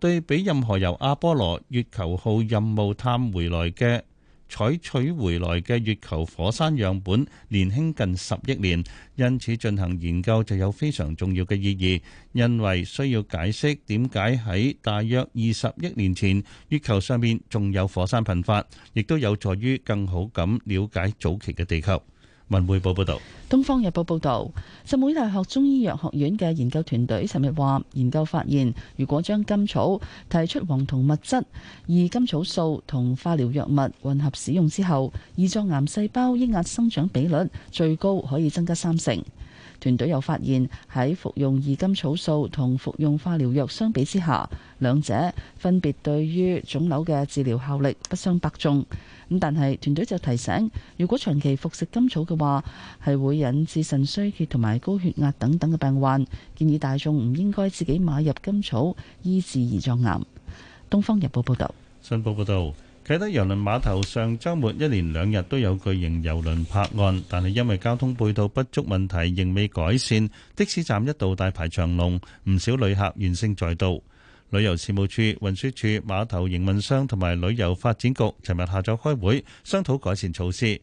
對比任何由阿波羅月球號任務探回來嘅、採取回來嘅月球火山樣本年輕近十億年，因此進行研究就有非常重要嘅意義。因為需要解釋點解喺大約二十億年前月球上面仲有火山噴發，亦都有助於更好咁了解早期嘅地球。文匯報報道，東方日報報道，浸會大學中醫藥學院嘅研究團隊尋日話，研究發現，如果將甘草提出黃酮物質，而甘草素同化療藥物混合使用之後，胰臟癌細胞抑壓生長比率最高可以增加三成。團隊又發現喺服用二甘草素同服用化療藥相比之下，兩者分別對於腫瘤嘅治療效力不相伯仲。咁但係團隊就提醒，如果長期服食甘草嘅話，係會引致腎衰竭同埋高血壓等等嘅病患。建議大眾唔應該自己買入甘草醫治胰臟癌。《東方日報》報導，新報報道。」啟德郵輪碼頭上周末一連兩日都有巨型郵輪泊岸，但係因為交通配套不足問題仍未改善，的士站一度大排長龍，唔少旅客怨聲載道。旅遊事務署運輸署碼頭營運商同埋旅遊發展局尋日下晝開會，商討改善措施。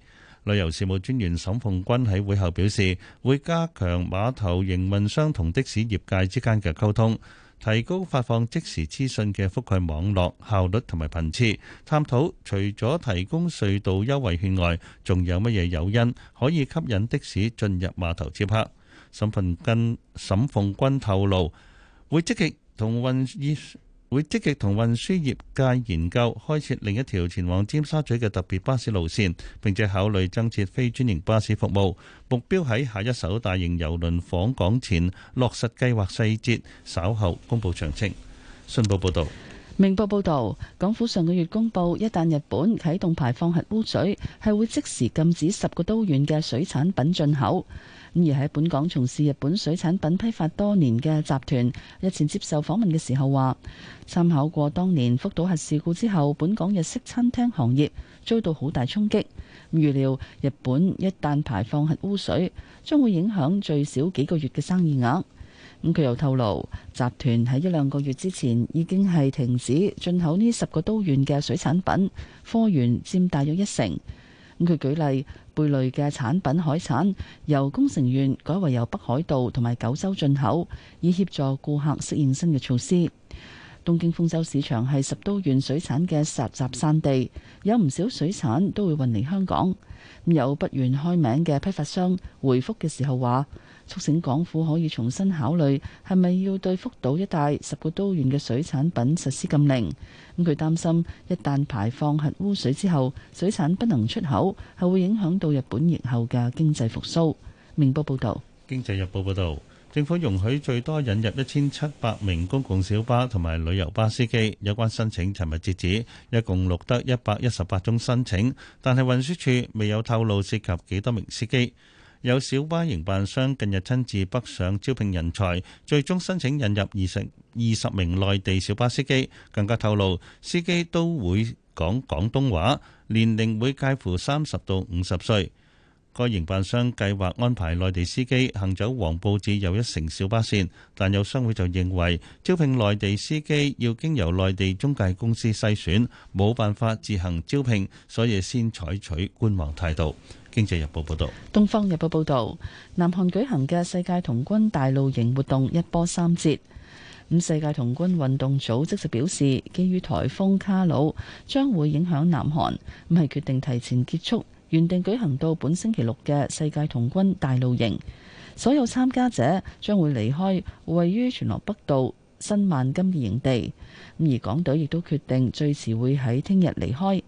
旅遊事務專員沈鳳君喺會後表示，會加強碼頭營運商同的士業界之間嘅溝通。提高發放即時資訊嘅覆蓋網絡效率同埋頻次，探討除咗提供隧道優惠券外，仲有乜嘢誘因可以吸引的士進入碼頭接客。沈鳳跟沈鳳君透露會積極同運會積極同運輸業界研究開設另一條前往尖沙咀嘅特別巴士路線，並且考慮增設非專營巴士服務。目標喺下一艘大型郵輪訪港前落實計劃細節，稍後公布詳情。信報報道，明報報道，港府上個月公布，一旦日本啟動排放核污水，係會即時禁止十個都縣嘅水產品進口。而喺本港從事日本水產品批發多年嘅集團日前接受訪問嘅時候話，參考過當年福島核事故之後，本港日式餐廳行業遭到好大衝擊，預料日本一旦排放核污水，將會影響最少幾個月嘅生意額，咁佢又透露，集團喺一兩個月之前已經係停止進口呢十個都縣嘅水產品，貨源佔大約一成。咁佢舉例，貝類嘅產品海產由宮城縣改為由北海道同埋九州進口，以協助顧客適應新嘅措施。東京豐洲市場係十都縣水產嘅集集散地，有唔少水產都會運嚟香港。有不願開名嘅批發商回覆嘅時候話，促醒港府可以重新考慮係咪要對福島一帶十個都縣嘅水產品實施禁令。咁佢擔心，一旦排放核污水之後，水產不能出口，係會影響到日本疫後嘅經濟復甦。明報報道：經濟日報報道，政府容許最多引入一千七百名公共小巴同埋旅遊巴司機。有關申請，尋日截止，一共錄得一百一十八宗申請，但係運輸署未有透露涉及幾多名司機。有小巴營辦商近日親自北上招聘人才，最終申請引入二成。二十名內地小巴司機更加透露，司機都會講廣東話，年齡會介乎三十到五十歲。該營辦商計劃安排內地司機行走黃埔至又一城小巴線，但有商會就認為招聘內地司機要經由內地中介公司篩選，冇辦法自行招聘，所以先採取觀望態度。經濟日報報道，東方日報報道，南韓舉行嘅世界童軍大露營活動一波三折。咁世界童軍運動組織就表示，基於颱風卡努將會影響南韓，咁係決定提前結束原定舉行到本星期六嘅世界童軍大露營，所有參加者將會離開位於全羅北道新萬金嘅營地，咁而港隊亦都決定最遲會喺聽日離開。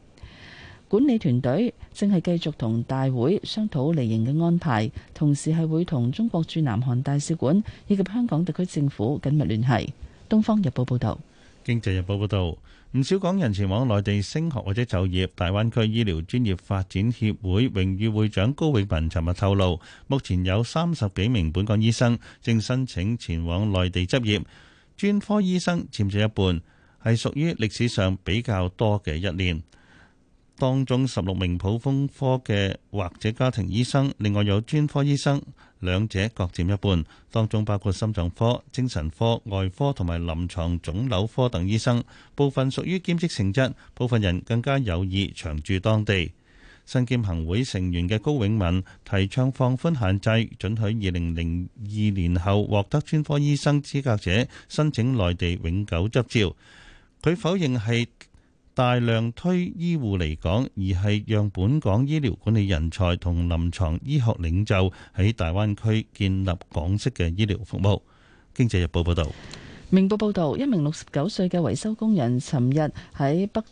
管理團隊正係繼續同大會商討離營嘅安排，同時係會同中國駐南韓大使館以及香港特區政府緊密聯繫。《東方日報》報導，《經濟日報》報導，唔少港人前往內地升學或者就業。大灣區醫療專業發展協會榮譽會長高永文尋日透露，目前有三十幾名本港醫生正申請前往內地執業，專科醫生佔咗一半，係屬於歷史上比較多嘅一年。當中十六名普通科嘅或者家庭醫生，另外有專科醫生，兩者各佔一半。當中包括心臟科、精神科、外科同埋臨床腫瘤科等醫生，部分屬於兼職性質，部分人更加有意長住當地。身兼行會成員嘅高永文提倡放寬限制，准許二零零二年後獲得專科醫生資格者申請內地永久執照。佢否認係，大量推醫護嚟港，而係讓本港醫療管理人才同臨牀醫學領袖喺大灣區建立港式嘅醫療服務。經濟日報報導，明報報導，一名六十九歲嘅維修工人，尋日喺北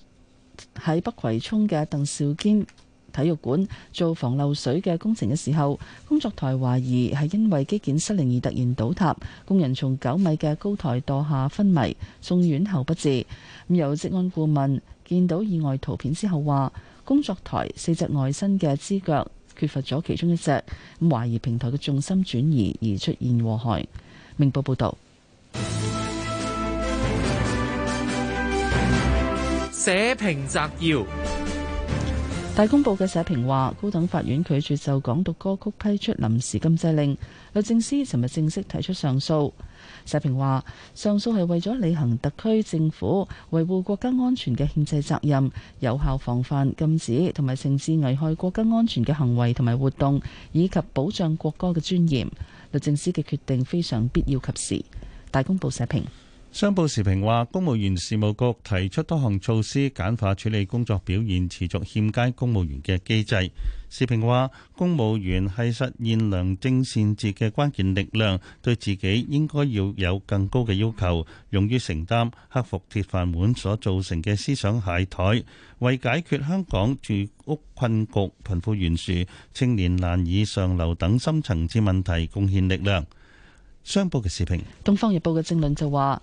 喺北葵涌嘅鄧肇堅體育館做防漏水嘅工程嘅時候，工作台懷疑係因為機件失靈而突然倒塌，工人從九米嘅高台墮下昏迷，送院後不治。咁有職安顧問，見到意外圖片之後，話工作台四隻外身嘅支腳缺乏咗其中一隻，咁懷疑平台嘅重心轉移而出現禍害。明報報導。社評摘要：大公報嘅社評話，高等法院拒絕就港獨歌曲批出臨時禁制令，律政司尋日正式提出上訴。社評話，上訴係為咗履行特區政府維護國家安全嘅憲制責任，有效防範、禁止同埋懲治危害國家安全嘅行為同埋活動，以及保障國歌嘅尊嚴。律政司嘅決定非常必要及時。大公報社評。商報時評話，公務員事務局提出多項措施簡化處理工作表現持續欠佳公務員嘅機制。時評話，公務員係實現良政善治嘅關鍵力量，對自己應該要有更高嘅要求，勇於承擔克服鐵飯碗所造成嘅思想懈怠，為解決香港住屋困局、貧富懸殊、青年難以上流等深層次問題貢獻力量。商報嘅視頻，《東方日報》嘅正論就話：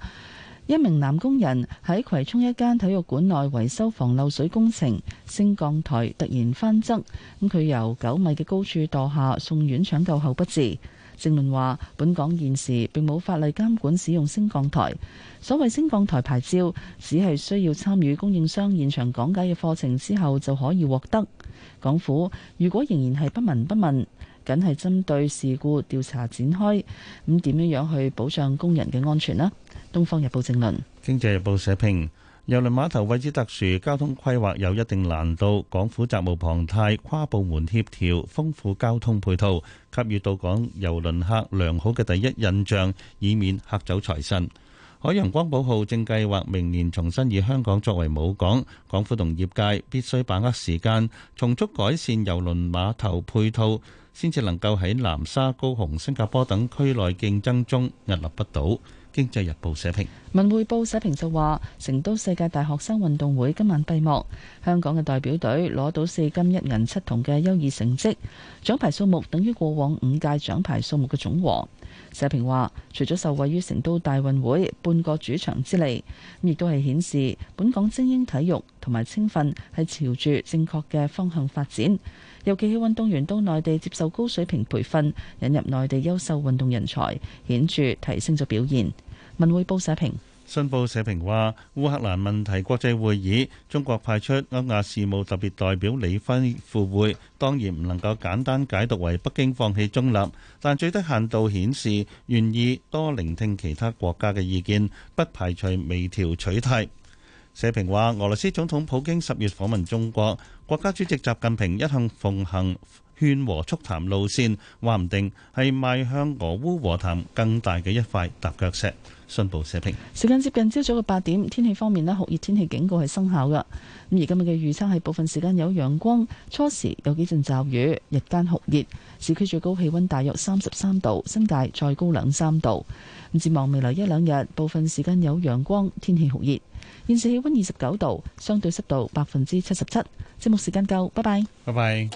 一名男工人喺葵涌一間體育館內維修防漏水工程，升降台突然翻側，咁佢由九米嘅高處墮下，送院搶救後不治。正論話：本港現時並冇法例監管使用升降台，所謂升降台牌照，只係需要參與供應商現場講解嘅課程之後就可以獲得。港府如果仍然係不聞不問。僅係針對事故調查展開，咁點樣樣去保障工人嘅安全呢？《東方日報》正論，《經濟日報》社評：郵輪碼頭位置特殊，交通規劃有一定難度。港府責無旁貸，跨部門協調，豐富交通配套，給予到港郵輪客良好嘅第一印象，以免嚇走財神。海洋光寶號正計劃明年重新以香港作為母港，港府同業界必須把握時間，重足改善郵輪碼頭配套。先至能夠喺南沙、高雄、新加坡等區內競爭中屹立不倒。經濟日報社評，文匯報社評就話：成都世界大學生運動會今晚閉幕，香港嘅代表隊攞到四金一銀七銅嘅優異成績，獎牌數目等於過往五屆獎牌數目嘅總和。社評話：除咗受惠於成都大運會半個主場之利，亦都係顯示本港精英體育同埋青訓係朝住正確嘅方向發展。尤其係運動員到內地接受高水平培訓，引入內地優秀運動人才，顯著提升咗表現。文匯報社評，新報社評話：烏克蘭問題國際會議，中國派出歐亞事務特別代表李輝赴會，當然唔能夠簡單解讀為北京放棄中立，但最低限度顯示願意多聆聽其他國家嘅意見，不排除微調取態。社評話，俄羅斯總統普京十月訪問中國，國家主席習近平一向奉行勸和促談路線，話唔定係邁向俄烏和談更大嘅一塊踏腳石。信報社評。時間接近朝早嘅八點，天氣方面呢，酷熱天氣警告係生效噶。咁而今日嘅預測係部分時間有陽光，初時有幾陣驟雨，日間酷熱，市區最高氣溫大約三十三度，新界再高兩三度。咁展望未來一兩日，部分時間有陽光，天氣酷熱。現時氣溫二十九度，相對濕度百分之七十七。節目時間夠，拜拜。拜拜。